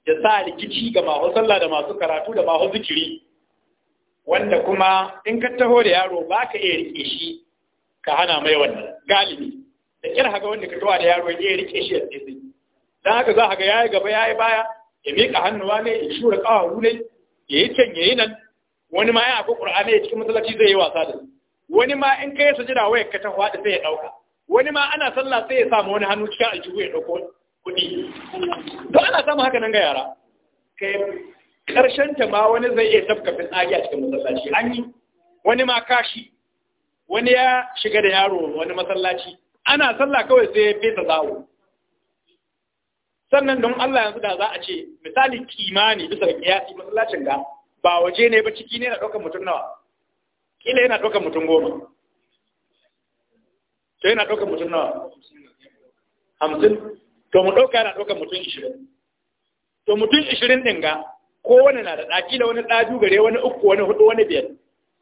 da sa rikici ga masu sallah da masu karatu da masu zikiri wanda kuma in ka taho da yaro ba ka iya rike shi ka hana mai wannan galibi da kyar haka wanda ka tawa da yaro ya iya rike shi ya tsitsi don haka za ga yayi gaba yayi baya ya miƙa hannuwa ne ya shura ƙawa ne ya yi can ya yi nan wani ma ya akwai ƙur'ani ya cikin masallaci zai yi wasa da su wani ma in kai jira waya ka ta faɗi sai ya ɗauka wani ma ana sallah sai ya samu wani hannu cikin aljihu ya ɗauko kuɗi to ana samun haka nan ga yara kai ƙarshen ta ma wani zai iya tafka fin a cikin masallaci an yi wani ma kashi wani ya shiga da yaro wani masallaci ana sallah kawai sai ya fesa zawo sannan don Allah yanzu da za a ce misali kimani bisa ga kiyasi masallacin ga ba waje ne ba ciki ne na ɗaukar mutum nawa kila yana ɗaukar mutum goma to yana ɗaukar mutum nawa hamsin to mu ɗauka yana ɗaukar mutum ishirin to mutum ishirin dinga, ga kowane na da ɗaki da wani ɗaju gare wani uku wani hudu wani biyar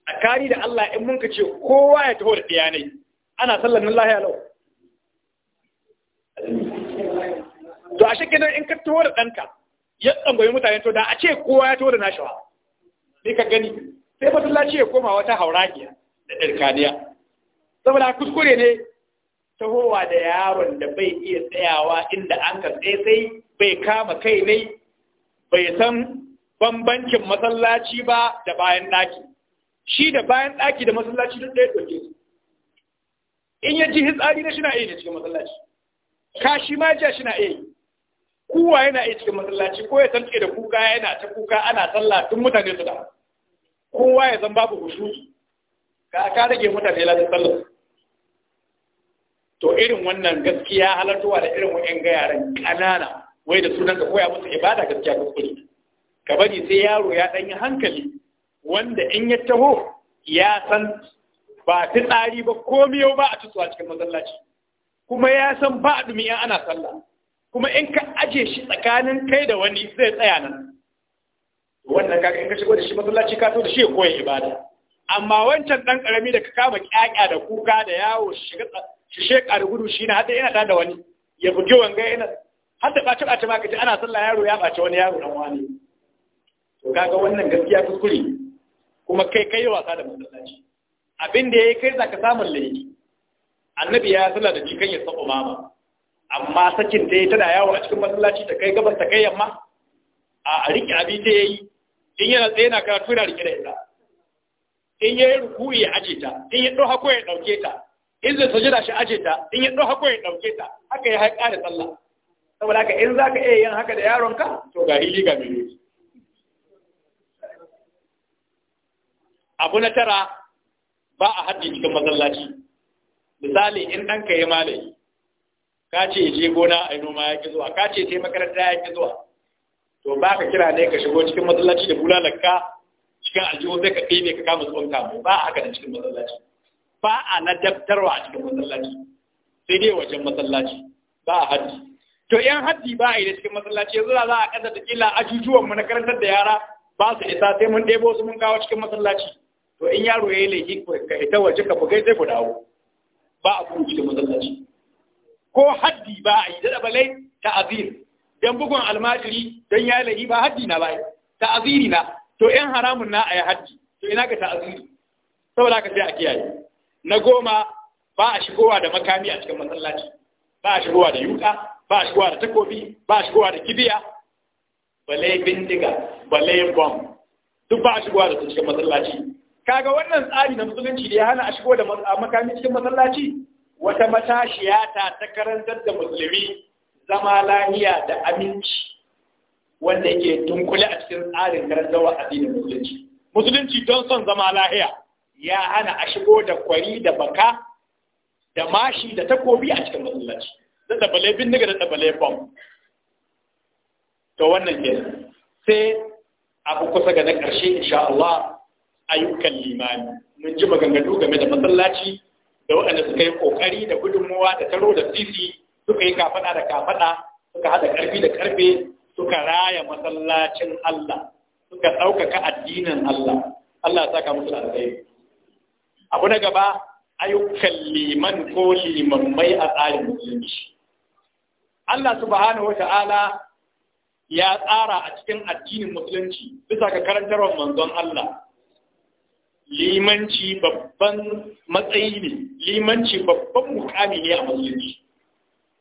a kari da Allah in mun ka ce kowa ya taho da ɗiya ne ana sallar nan lahiya lau to a shekinan in ka taho da ɗanka ya tsangoyi mutane to da a ce kowa ya taho da nashawa ne ka gani sai masallaci ya koma wata hauragiya da irkaniya saboda kuskure ne tahowa da yaron da bai iya tsayawa inda an ka sai bai kama kai ne bai san bambancin masallaci ba da bayan ɗaki shi da bayan ɗaki da masallaci duk ɗaya ɗauke su in ya ji hitsari na shina iya ne cikin masallaci kashi ma ja shina iya kuwa yana iya cikin masallaci ko ya san da kuka yana ta kuka ana sallah tun mutane su da kowa ya zan babu hushu ka ka rage mutane lafiya sallar to irin wannan gaskiya halartuwa da irin wa'in ga yaran ƙanana wai da sunan ka koya musu ibada gaskiya kuskure ka bari sai yaro ya ɗanyi hankali wanda in ya taho ya san ba tsari ba komiyo ba a tutuwa cikin masallaci kuma ya san ba a ɗumi ana sallah kuma in ka aje shi tsakanin kai da wani zai tsaya nan wannan kaga in ka shigo da shi masallaci ka to da shi ya koya ibada amma wancan dan karami da ka kama kyakya da kuka da yawo shiga shi she da gudu shi na hada yana da wani ya buge wanga yana har da bace bace ma kaje ana sallah yaro ya bace wani yaro dan wani to kaga wannan gaskiya kuskure kuma kai kai wasa da masallaci abin da yayi kai zaka samu laifi annabi ya sallah da jikan ya saba mama amma sakin da tana yawo a cikin masallaci ta kai gabas ta kai yamma a riƙe abin da yayi in yana tsaye na karatu yana rike da ita in yi ruku ya aje ta in yi dauka ko ya ɗauke ta in zai da shi aje ta in yi dauka ko ya ɗauke ta haka ya haƙa da tsalla. saboda haka in ka iya yin haka da yaronka to ga hili ga miliyoyi abu na tara ba a haɗe cikin masallaci misali in ɗanka ya malayi ka ce je gona a yi noma ya ki zuwa ka ce ce makaranta ya ki zuwa to ba ka kira ne ka shigo cikin masallaci da ka cikin aljihu sai ka ne ka kama tsohon kamu ba a haka da cikin masallaci ba a na daftarwa a cikin masallaci sai dai wajen masallaci ba a haddi to yan haddi ba a yi da cikin masallaci yanzu za a kasa da kila ajujuwan mu na karantar da yara ba su isa sai mun ɗebo su mun kawo cikin masallaci to in yaro ya yi laifi ka ita waje ka bugai sai ku dawo ba a kuma cikin masallaci ko haddi ba a yi da balai ta azir dan bugun almajiri dan ya lahi ba haddi na bai ta'aziri na to in haramun na ayi haddi to ina ka ta'aziri saboda ka sai a kiyaye na goma ba a shigowa da makami a cikin masallaci ba a shigowa da yuka ba a shigowa da takobi ba a shigowa da kibiya balai bindiga balai bom duk ba a shigowa da su cikin masallaci kaga wannan tsari na musulunci da ya hana a shigo da makami cikin masallaci wata matashiya ta ta karantar da musulmi zama lahiya da aminci wanda yake dunkule a cikin tsarin karantarwa addinin musulunci musulunci don son zama lahiya ya hana a shigo da kwari da baka da mashi da takobi a cikin musulunci. da dabale bin daga da bom to wannan ke sai abu kusa ga na ƙarshe insha Allah ayyukan limani mun ji maganganu game da masallaci da waɗanda suka yi ƙoƙari da gudunmuwa da taro da sisi suka yi kafada da kafada suka haɗa karfi da karfe suka raya masallacin Allah suka ɗaukaka addinin Allah Allah ya saka musu alkhairi abu na gaba ayyukan liman ko limammai a tsarin musulunci Allah subhanahu wa ta'ala ya tsara a cikin addinin musulunci bisa ga karantarwar manzon Allah limanci babban matsayi ne limanci babban mukami ne a musulunci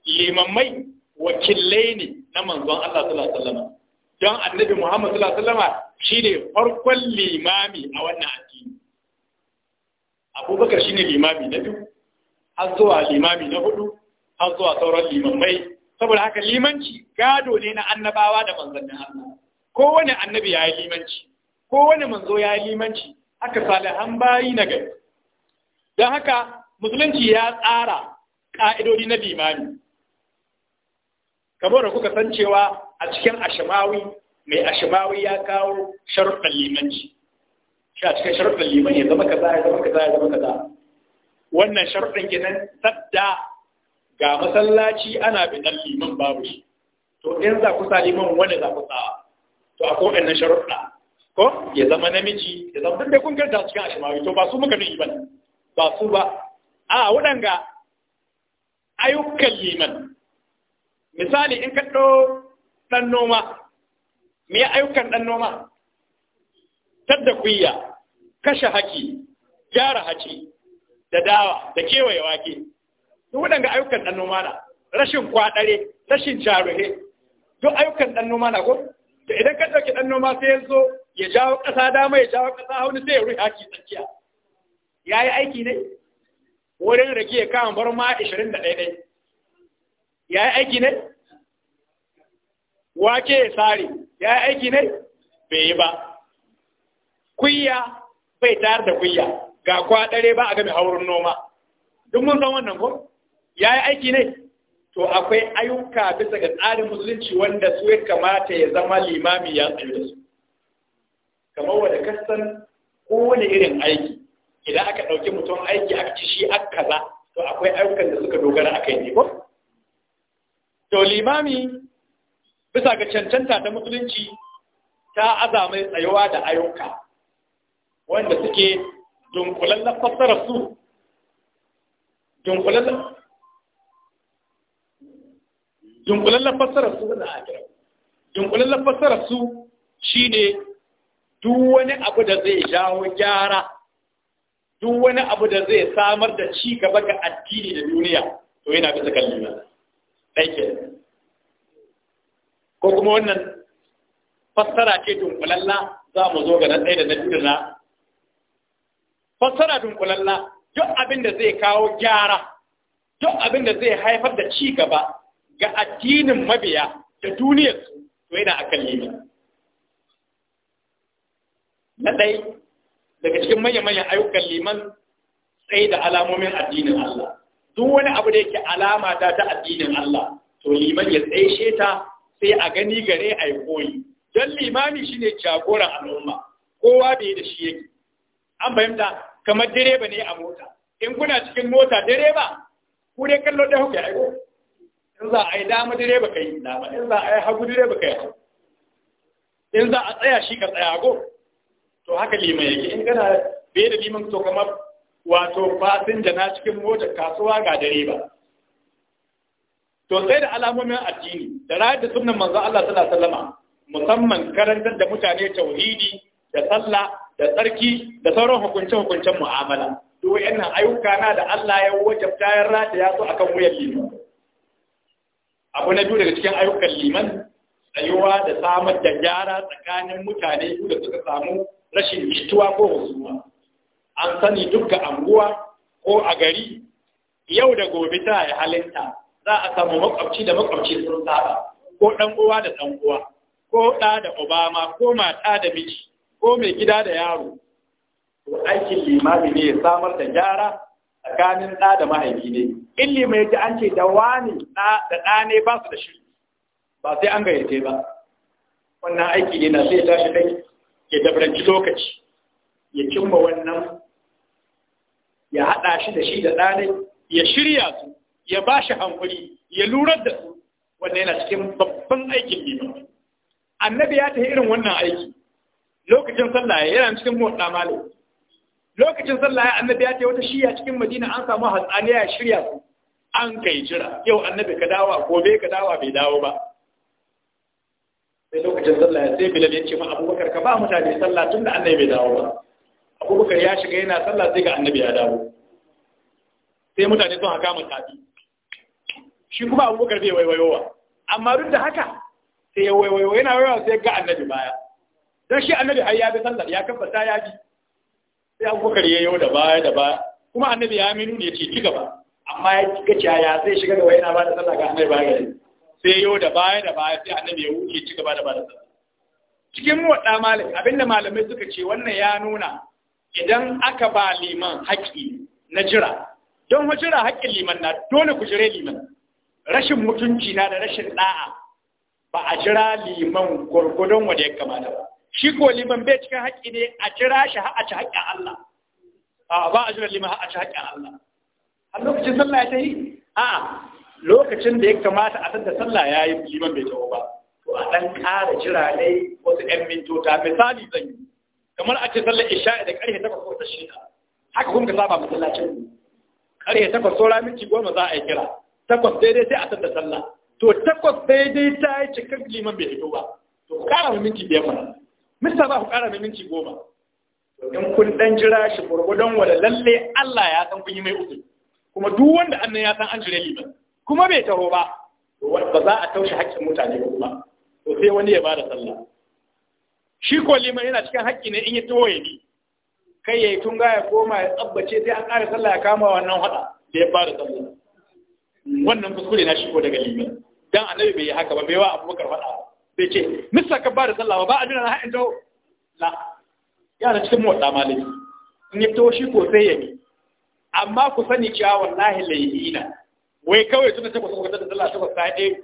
limammai wakilai ne na manzon Allah sallallahu alaihi wasallam don annabi Muhammad sallallahu alaihi wasallam shine farkon limami a wannan addini Abubakar shine limami na biyu har zuwa limami na hudu har zuwa sauran limammai saboda haka limanci gado ne na annabawa da manzon Allah kowane annabi ya yi limanci kowane manzo ya yi limanci haka salihan bayi na gari don haka musulunci ya tsara ƙa'idodi na limami kamar da kuka san cewa a cikin ashimawi mai ashimawi ya kawo sharuɗan limanci shi a cikin sharuɗan liman ya zama kaza ya zama kaza ya zama za wannan sharuɗin kenan sadda ga masallaci ana bidan liman babu shi to in za ku sa liman wani za ku sa to a kowannan sharuɗa ko ya zama namiji ya zama duk da kun karta cikin ashimawi to ba su muka nuyi ba ba su ba a waɗanga ayyukan liman misali in ka ɗo ɗan noma me ayyukan ɗan noma tadda kuyya kashe haki gyara haki da dawa da kewaye wake duk waɗanda ayyukan ɗan noma na rashin kwaɗare rashin jaruhe duk ayyukan ɗan noma na ko da idan ka ɗauki ɗan noma sai ya zo ya jawo ƙasa dama ya jawo ƙasa hauni sai ya rufe haki tsakiya ya yi aiki ne wurin rage ya kama bar ma 21 ɗai ya yi aiki ne wake ya sare ya yi aiki ne bai yi ba kuyya bai tayar da kuyya ga kwaɗare ba a game haurin noma duk mun san wannan ko ya yi aiki ne to akwai ayyuka bisa ga tsarin musulunci wanda su ya kamata ya zama limami ya tsaye su kamar wanda kasan kowane irin aiki idan aka ɗauki mutum aiki aka ci shi aka kaza to akwai ayyukan da suka dogara a kai ne ko to limami bisa ga cancanta ta musulunci ta azamai tsayuwa da ayyuka wanda suke dunkulan na fassara su dunkulan na fassara su na akira dunkulan na fassara su shine duk wani abu da zai jawo gyara duk wani abu da zai samar da ci gaba ga addini da duniya to yana bisa kallon limami ɗai ko kuma wannan fassara ce dunkulalla za mu zo ga na ɗaya da na biyu na fassara dunkulalla duk abin da zai kawo gyara duk abin da zai haifar da ci gaba ga addinin mabiya da duniyarsu to yana a kan na ɗaya daga cikin manya-manyan ayyukan liman tsaye da alamomin addinin Allah duk wani abu da yake alama ta ta addinin Allah to liman ya tsaishe ta sai a gani gare a yi koyi don Limani shine jagoran al'umma kowa bai da shi yake an fahimta kamar direba ne a mota in kuna cikin mota direba ku dai kallo da hukai aiko oh, in za a yi dama direba kai dama in za a yi hagu direba kai in za a tsaya shi ka tsaya go oh. to haka liman yake in kana bai da liman to kamar wato fasinja na cikin motar kasuwa ga direba to sai da alamomin addini da rayar da sunan manzo Allah sallallahu alaihi wasallam musamman karantar da mutane tauhidi da sallah da tsarki da sauran hukunce-hukuncen mu'amala To wayannan ayyuka na da Allah ya wajabta ya rataya su akan wuyan liman abu na biyu daga cikin ayyukan liman tsayuwa da samar da gyara tsakanin mutane da suka samu rashin jituwa ko husuma an sani duk anguwa ko a gari yau da gobe ta yi halinta za a samu makwabci da makwabci sun saba ko ɗan uwa da ɗan uwa ko ɗa da obama ko mata da miji ko mai gida da yaro to aikin limami ne ya samar da gyara tsakanin ɗa da mahaifi ne in limai ta an ce da wani da ɗa ne ba su da shiri ba sai an gayyace ba wannan aiki ne na sai tashi dai ya dabaranci lokaci ya cimma wannan ya haɗa shi da shi da ɗanai ya shirya su ya ba shi hankuri ya lura da su wanda yana cikin babban aikin ne. annabi ya ta irin wannan aiki lokacin sallah yana cikin motsa mali lokacin sallah annabi ya ta wata shiya cikin madina an samu hatsaniya ya shirya su an kai jira yau annabi ka dawa gobe ka dawa bai dawo ba sai lokacin sallah sai bilal ya ce ma abubakar ka ba mutane sallah tun da annabi bai dawo ba abubakar ya shiga yana sallah sai ga annabi ya dawo sai mutane sun haka mun tafi shi kuma abubakar bai waiwayowa amma duk da haka sai ya waiwayo yana waiwayo sai ga annabi baya don shi annabi har ya bi sallar ya kabbata ya bi sai abubakar ya yau da baya da baya kuma annabi ya minu ne ya ce ci gaba amma ya ci gaba ya sai shiga gaba yana ba da sallah ga annabi baya gari sai yau da baya da baya sai annabi ya wuce ci gaba da ba da sallah cikin wadda malam abinda malamai suka ce wannan ya nuna idan aka ba liman haƙi na jira don jira haƙƙin liman na dole ku jire liman rashin mutunci na da rashin ɗa'a ba a jira liman gurgudun wanda ya kamata ba shi ko liman bai cikin haƙƙi ne a jira shi a ci haƙƙin Allah ba a jira liman a ci haƙƙin Allah a lokacin sallah ya ta yi a'a lokacin da ya kamata a da sallah ya yi liman bai tawo ba to a ɗan ƙara jira ne wasu 'yan mintota misali zan yi kamar a ce sallar isha'i da ƙarfe takwas ko ta shida haka kuma ka saba masallacin ƙarfe takwas saura minti goma za a yi kira takwas daidai sai a san da sallah to takwas daidai ta yi cikar liman bai fito ba to ku ƙara mai minti biyar mana mista ba ku ƙara mai minti goma in kun ɗan jira shi gurgudan wada lalle Allah ya san kun yi mai uzuri kuma duk wanda annan ya san an jire liman kuma bai taro ba ba za a taushe haƙƙin mutane ba to sai wani ya bada sallah shi ko liman yana cikin haƙƙi ne in yi tuwo ya bi kai ya yi tunga ya koma ya tsabbace sai an ƙara sallah ya kama wannan haɗa da ya fara sallah wannan kuskure na shi ko daga liman dan annabi bai yi haka ba bai wa abubakar faɗa bai ce misa ka ba sallah ba a dina na haɗin taho la yana cikin mota malami in yi tuwo shi ko sai ya bi amma ku sani cewa wallahi layyina wai kawai tun da takwas kuka da sallah takwas ta ɗaya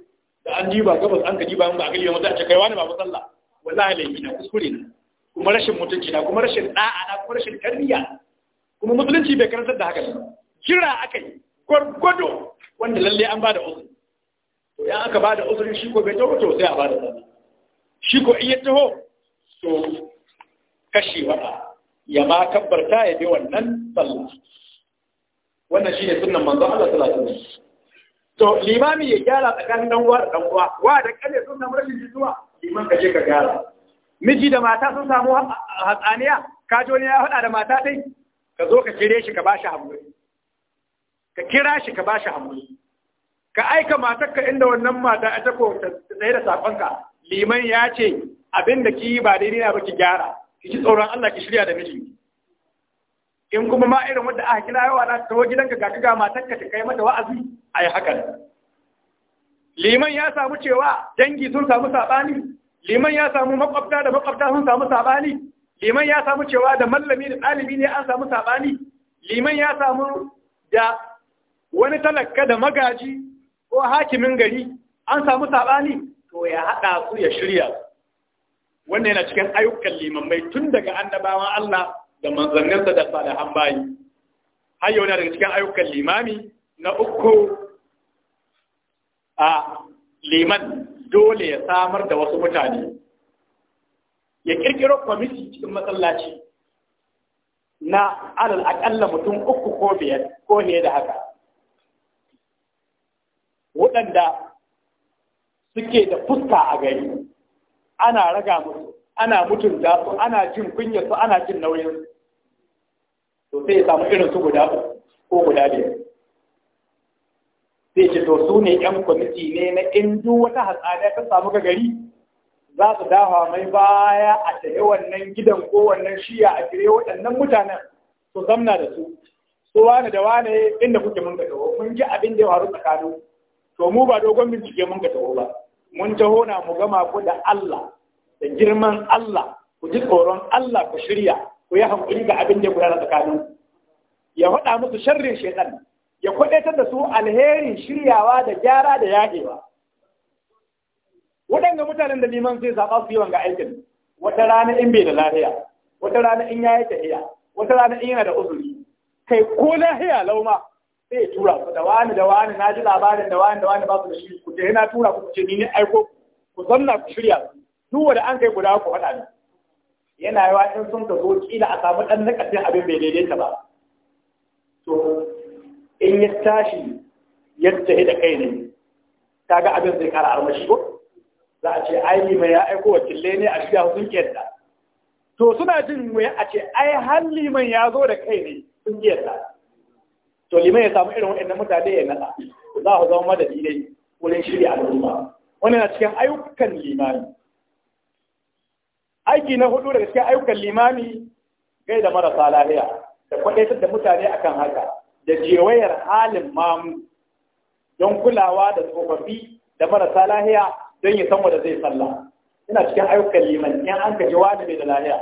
da an diba gabas an ka diba mun ba a galiba mutum a ce kai wani ba sallah wallahi laifi na kuskure ne kuma rashin mutunci na kuma rashin da'a na kuma rashin tarbiyya kuma musulunci bai karantar da haka ba kira aka yi gwargwado wanda lalle an bada uzuri to ya aka bada uzuri shi ko bai taho to sai a bada zabi shi ko in ya taho to kashe wata ya ma kabbarta ya bi wannan sallah wannan shi ne sunan manzon Allah sallallahu alaihi wasallam to limami ya gyara tsakanin dan uwa da dan uwa wa da kane sunnan rashin jituwa miji da mata sun samu hatsaniya ka ji wani ya faɗa da mata sai? ka zo ka kire shi ka ba shi hamuri. ka kira shi ka ba shi hamuri. ka aika matarka inda wannan mata a tako ta tsaye da sakonka liman ya ce abin da ki yi ba daidai na ba ki gyara ki ji tsoron Allah ki shirya da miji in kuma ma irin wadda aka kira yawa na tawo gidanka ga kaga matarka ta kai mata wa'azi a yi hakan liman ya samu cewa dangi sun samu saɓani liman ya samu makwabta da makwabta sun samu saɓani liman ya samu cewa da mallami da ɗalibi ne an samu saɓani liman ya samu da wani talaka da magaji ko hakimin gari an samu saɓani to ya haɗa su ya shirya wannan yana cikin ayyukan liman mai tun daga annabawan Allah da sa da salihan bayi har na daga cikin ayyukan limami na uku a liman dole ya samar da wasu mutane ya kirkiro kwamiti cikin matsalaci na alal akalla mutum uku ko biyar ko ne da haka waɗanda suke da fuska a gari ana raga musu ana mutunta su ana jin kunya su ana jin nauyin to sai ya samu irin su guda ko guda biyar sai ce to su ne yan kwamiti ne na in duk wata hatsada ta samu ga gari za su dafa mai baya a tare wannan gidan ko wannan shiya a tare waɗannan mutanen su zamna da su su wane da wane inda kuke mun ka mun ji abin da ya faru tsakanin to mu ba dogon bincike mun ka ba mun taho na mu gama ku da Allah da girman Allah ku ji tsoron Allah ku shirya ku yi hankali ga abin da ya gudana tsakanin ya faɗa musu sharrin shaitan ya kwadatar da su alherin shiryawa da gyara da yaƙewa waɗanda mutanen da liman sai zaɓa su yi wanga aikin wata rana in bai da lahiya wata rana in ya yi tahiya wata rana in yana da uzuri kai ko lahiya lauma sai ya tura ku da wani da wani na ji labarin da wani da wani ba su da shi ku je na tura ku ce ni ne aiko ku zanna ku shirya duk wanda an kai guda ku faɗa ni yana yawa in sun ka zo kila a samu ɗan nakasin abin bai daidaita ba to in ya tashi yadda da kai ne ga abin zai kara armashi ko za a ce ai mai ya aiko wa kille ne a shiga sun kiyarta to suna jin wuya a ce ai har liman ya zo da kai ne sun kiyarta to liman ya samu irin waɗannan mutane ya nada za ku zama madadi dai wurin shirya al'umma wannan na cikin ayyukan limani aiki na hudu daga cikin ayyukan limani gai da marasa lafiya da kwaɗaitar da mutane akan haka da kewayar halin mamu don kulawa da tsofaffi da marasa lahiya don ya san wanda zai sallah ina cikin ayyukan liman in an ka ji wani mai da lahiya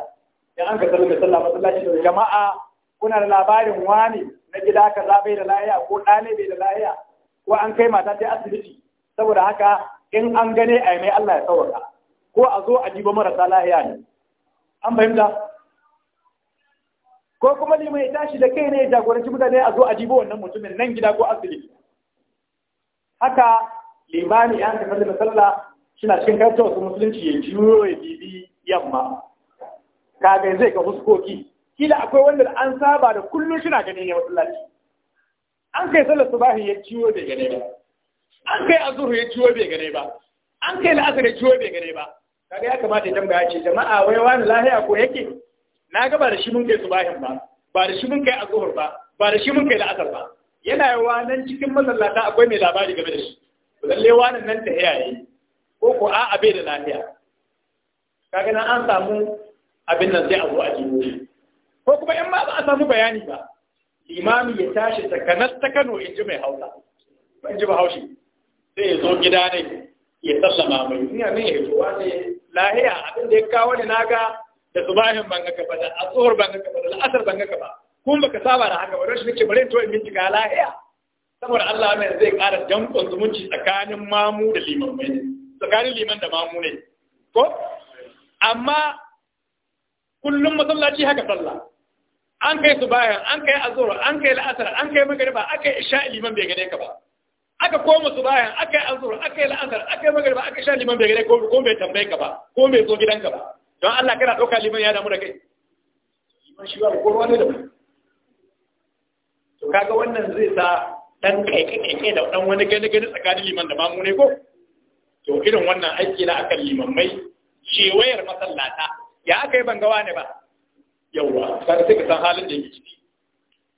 in an ka sallah mai sallah masallaci da jama'a kuna da labarin wani na gida kaza bai da lahiya ko ɗane bai da lahiya ko an kai mata ta asibiti saboda haka in an gane a mai Allah ya sauraka? ko a zo a jiba marasa lahiya ne an fahimta ko kuma Limu ya tashi da kai ne ya jagoranci mutane a zo a jibo wannan mutumin nan gida ko asibiti haka limani ya ta da sallah suna cikin karta wasu musulunci ya juyo ya bibi yamma kaga zai ga huskoki kila akwai wanda an saba da kullum suna ganin ne masallaci an kai sallar subahi ya ciwo bai gane ba an kai azuru ya ciwo bai gane ba an kai la'asar ya ciwo bai gane ba kaga ya kamata ya tambaya ce jama'a wai wani lahiya ko yake na ga ba da shi mun kai subahin ba ba da shi mun kai azhur ba ba da shi mun kai la'asar ba yana yawa nan cikin masallata akwai mai labari game da shi lalle wannan nan ta yayi ko ko a abe da lafiya kaga nan an samu abin nan sai abu a jibo ko kuma in ma ba a samu bayani ba Imami ya tashi sakanar ta Kano in ji mai Hausa in ji Bahaushe sai ya zo gida ne ya sallama mai ina ne ya fito wani lahiya abin da ya kawo ne naga da subahin ban haka ba da asuwar ban haka ba da la'asar ban haka ba Kun baka saba da haka ba don shi nake bari to in bincika lahiya saboda Allah mai zai ƙara dankon zumunci tsakanin mamu da liman mai tsakanin liman da mamu ne ko amma kullum masallaci haka sallah an kai subahin an kai azhar an kai la'asar an kai magriba aka yi isha liman bai gane ka ba aka koma subahin aka yi azhar aka yi la'asar aka yi magriba aka sha liman bai gane ko bai tambaye ka ba ko bai zo gidanka ba don Allah kana ɗauka liman ya damu da kai liman shi ba ko ne da to kaga wannan zai sa dan kai kai kai da dan wani gani gani tsakanin liman da mamu ne ko to irin wannan aiki na akan limammai cewayar masallata ya aka yi bangawa ne ba yawwa sai ka san halin da yake ciki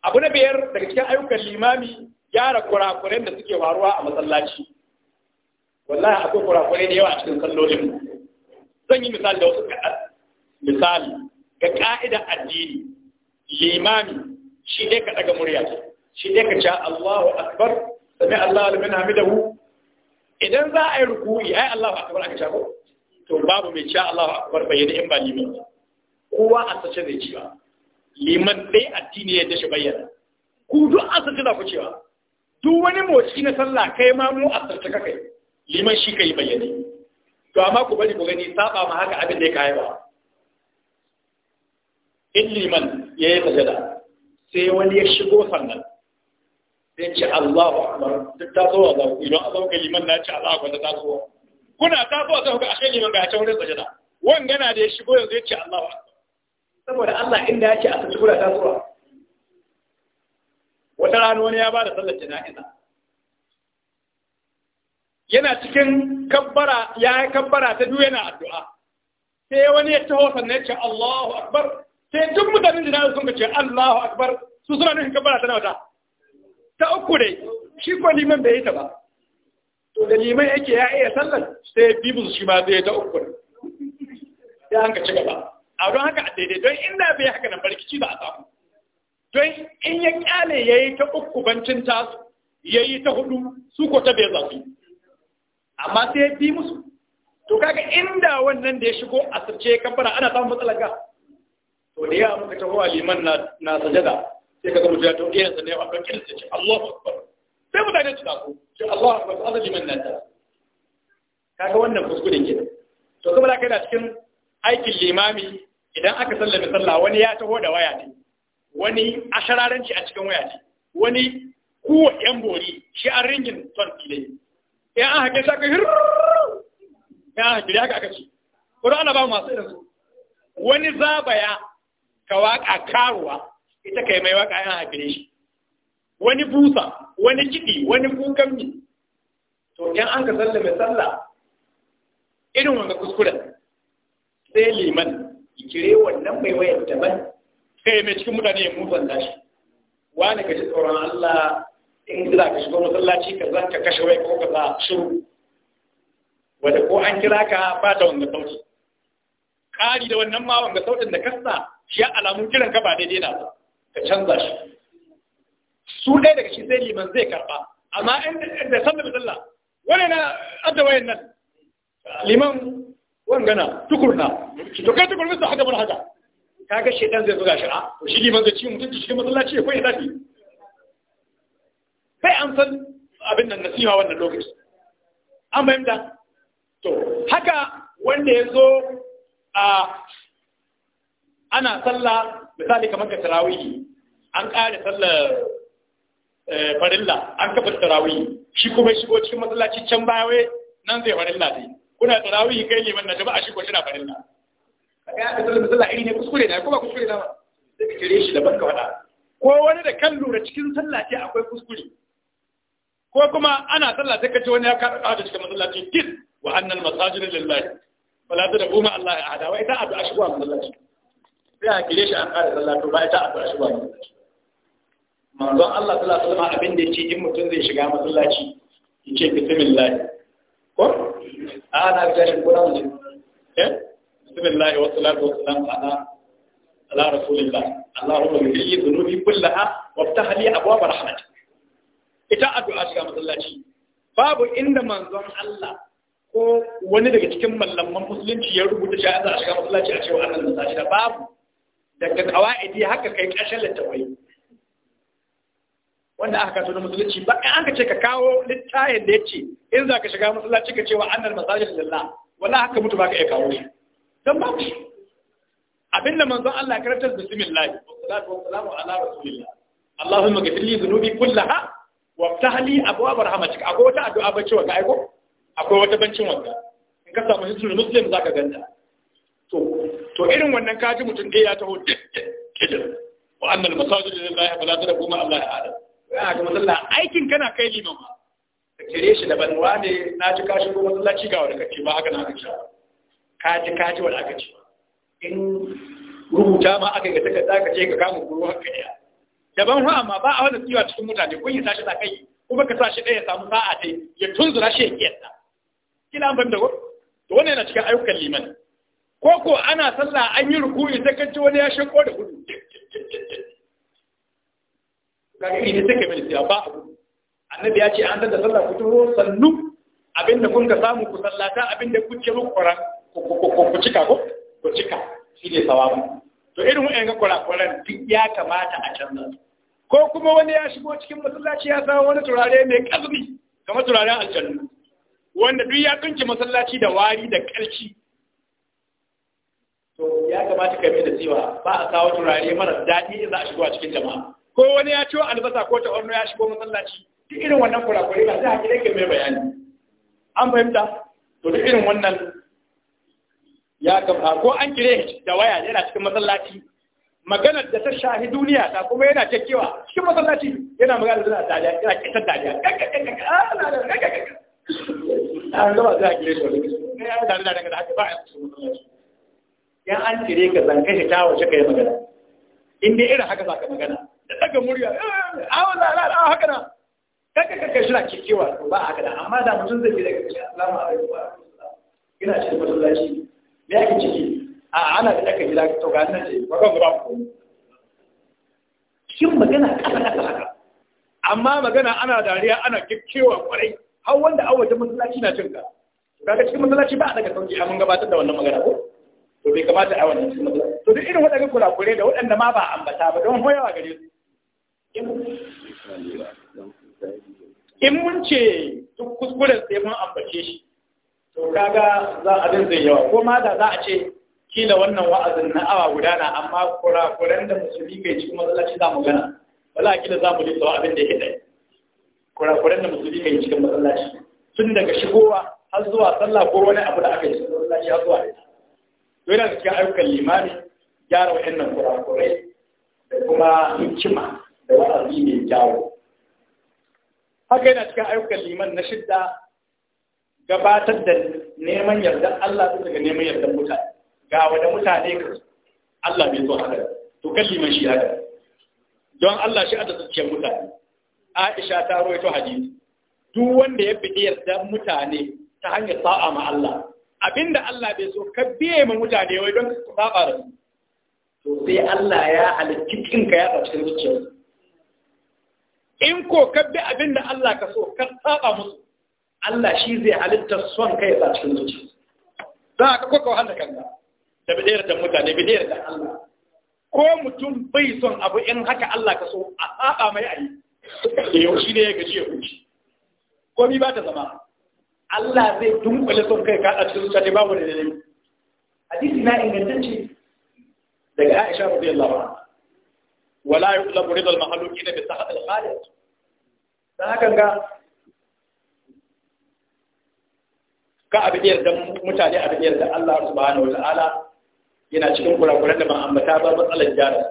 abu na biyar daga cikin ayyukan limami gyara kurakuren da suke faruwa a masallaci wallahi akwai kurakure da yawa a cikin sallolin zan yi misali da wasu kaɗan misali ga ka'idar addini limami shi ne ka daga murya ce shi ne ka ce Allahu akbar sami Allahu liman hamidahu idan za a yi ruku'i ai Allahu akbar aka ce ko to babu mai ce Allahu akbar bayyana in ba liman kowa a sace zai ce ba liman dai addini ya dashi bayyana ku duk a sace za ku cewa duk wani motsi na sallah kai ma mu a sace ka kai liman shi ka yi bayyane to amma ku bari ku gani saba ma haka abin da ya kai ba in liman ya yi sajada sai wani ya shigo sannan sai ce Allahu akbar duk ta zo Allah idan Allah ga liman na ce Allahu akbar ta zo kuna ta zo ta ga akai liman ga ta wurin sajada wanga na da ya shigo yanzu ya ce Allahu akbar saboda Allah inda ya ce a tsaci kula ta zo wata rana wani ya ba da sallar jana'iza yana cikin kabbara ya yi kabbara ta duk yana addu'a sai wani ya taho sannan ya ce Allahu akbar sai duk mutanen da sun ce Allahu akbar su suna nufin kabbara ta nauta ta uku dai shi ko liman bai yi ta ba to da liman yake ya iya sallar sai bi musu shi ma zai ta uku ya hanka ci gaba a don haka a daidai don inda bai haka nan barkici ba a samu don in ya kyale ya yi ta uku bancin tasu ya yi ta hudu su ko ta bai zafi amma sai ya bi musu to kaga inda wannan da ya shigo a sarce ya kafara ana samun matsalar ga to da ya muka taho wa liman na sajada sai ka mutu ya to yanzu ne a kan kirsa ce Allahu akbar sai mutane su taso ce Allahu akbar Allah liman nan ta kaga wannan kuskuren ke to kuma da cikin aikin limami idan aka sallame sallah wani ya taho da waya ne wani ashararanci a cikin waya ne wani kuwa yan bori shi an ringin son ne yan an hake shaka hir yan an hake da haka aka ce kuma ana ba masu irin wani zabaya ka waƙa karuwa ita ka yi mai waƙa yan hake shi wani busa wani kiɗi wani kukan mi to yan an ka sallah mai sallah irin wanda kuskuren sai liman kire wannan mai wayar daban sai mai cikin mutane ya musan tashi wani ka ji tsoron Allah in za ka shiga masallaci ka zan ka kashe wai ko ka za shiru wadda ko an kira ka ba da wanga sauti ƙari da wannan ma wanga sautin da kasta shi ya alamun kiran ka ba daidai na ba ka canza shi su ɗaya daga shi sai liman zai karɓa amma in da sallar sallah wani na adda wayan nan liman wangana tukurna to kai tukurna su haka mun haka kaga shedan zai zuga shi a ah, to shi liman zai ci mutunci cikin masallaci ya koyi zafi sai an san abin nan nasiha wannan lokaci an fahimta to haka wanda ya zo a ana sallah misali kamar ka tarawihi an ƙare sallar eh, farilla an kafa tarawihi shi kuma shigo cikin masallaci can baya wai nan zai farilla ne kuna tarawihi kai ne wannan jama'a shi ko shi na farilla kaga ya sallar misalla iri ne kuskure ne kuma kuskure ne ba sai ka kire shi da barka wada ko wani da kan lura cikin sallah ce akwai kuskure ko kuma ana sallah sai kace wani ya karɓa da cikin masallaci kin wa annal masajid lillahi da tad'u ma Allah ya hada ita addu'a shi ba masallaci sai a kire shi an kare sallah to ba ita addu'a shi ba masallaci manzon Allah sallallahu alaihi wasallam abin da yake in mutum zai shiga masallaci yace bismillah ko ana ga shi ko nan eh bismillah wa salatu wa salam ala ala rasulillah اللهم اغفر لي ذنوبي كلها وافتح لي ابواب رحمتك ita addu'a shiga masallaci babu inda manzon Allah ko wani daga cikin mallaman musulunci ya rubuta shi a shiga masallaci a cewa annan masallaci da babu daga kawaidi haka kai kashin littafai wanda aka kato na musulunci ba in aka ce ka kawo littafin da ya ce in za ka shiga masallaci ka cewa annan masajin lillah wala haka mutu ba ka iya kawo shi dan babu abinda manzon Allah ya karantar bismillah wa salatu wa salamu ala rasulillah اللهم اغفر لي ذنوبي كلها abu abwaab rahmatika akwai wata addu'a bace wanda aiko akwai wata bancin wanda in ka samu hisnul muslim zaka ganta to to irin wannan kaji mutum ɗaya ya taho kijin wa annal masajid lillahi fala tadqu ma Allah ahad ya ga masalla aikin kana kai liman ma ka kire shi daban wane na ji kashin kuma masallaci ga wani kace ba haka na kace kaji Kaji ka ji wanda kace in rubuta ma aka ga takarda ka ce ka kama guru haka ya daban ruwa amma ba a wanda su a cikin mutane kun yi sashi da ka yi kuma ka sashi ɗaya ya samu sa'a ta ya tunzura shi ya kiyarta kila an banda to wannan yana cikin ayyukan liman ko ko ana sallah an yi ruku'i sai kan ci wani ya shinko da gudu kaga ne sai ka mai siya ba annabi ya ce an da sallah ku turo sannu abinda kun ka samu ku sallata abinda kuke muku kwara ku cika ko ku cika shi ne sawabu to irin wa'yan ga kwarakwaran duk ya kamata a canza su ko kuma wani ya shigo cikin masallaci ya samu wani turare mai ƙarfi kamar turaren aljannu wanda duk ya tsinke masallaci da wari da ƙarfi to ya kamata ka da cewa ba a kawo turare mara daɗi in za a shigo a cikin jama'a ko wani ya ciwo albasa ko ta ya shigo masallaci duk irin wannan kurakure ba sai hakika mai bayani an fahimta to duk irin wannan ya kamata ko an kire da waya yana cikin masallaci maganar da ta shahi duniya ta kuma yana kekewa cikin masallaci yana magana da dariya yana dariya a shi ya ba an cire ka shi ta wace magana in dai irin haka magana da daga murya eh, awon da ala haka na kaka kaka shi na kekewa ba haka da amma a ana da aka gida to ga nan ce ba ga ba shin magana kasa da haka amma magana ana dariya ana kikkewa kwarai har wanda a wajen masallaci na cin ka ga cikin masallaci ba a daga sauki mun gabatar da wannan magana ko to bai kamata a wannan cikin masallaci to duk irin waɗannan kurakure da waɗanda ma ba ambata ba don hoyawa gare su in mun ce duk kuskuren sai mun ambace shi to kaga za a zai yawa ko ma da za a ce kila wannan wa'azin na awa gudana, na amma kurakuran da musulmi kai cikin matsalaci za mu gana wala kila za mu lissa abin da ya dai kurakuran da musulmi kai cikin matsalaci tun daga shigowa har zuwa sallah ko wani abu da aka yi cikin matsalaci har zuwa ita to yana da cikin ayyukan limani gyara wa'annan kurakurai da kuma hikima da wa'azi mai kyawu haka yana cikin ayyukan liman na shidda gabatar da neman yardar Allah daga neman yardar mutane ga wadda mutane ka Allah bai zuwa haka to kalliman shi haka don Allah shi adda cikin mutane Aisha ta rawaito hadisi duk wanda ya bi yardan mutane ta hanyar sa'a ma Allah abinda Allah bai so ka biye ma mutane wai don ka saba da su to sai Allah ya halitta kinka ya tsarkin wuce. in ko ka bi abinda Allah ka so ka saba musu Allah shi zai halitta son kai ya cikin zuciya za ka kwakwa wahala kanka da bidiyar da mutane bidiyar da Allah ko mutum bai son abu in haka Allah ka so a saba mai ayi da yau shi ne ya gaji ya huci komi ba ta zama Allah zai dunkule son kai ka a cikin zuciya babu da dalili hadisi na ingantacce daga Aisha radiyallahu anha wala yuqlabu ridal makhluqina bi sahat al-khaliq dan haka ga ka abin yarda mutane abin yarda Allah subhanahu wa ta'ala yana cikin kurakuran da ba ambata ba matsalar gyara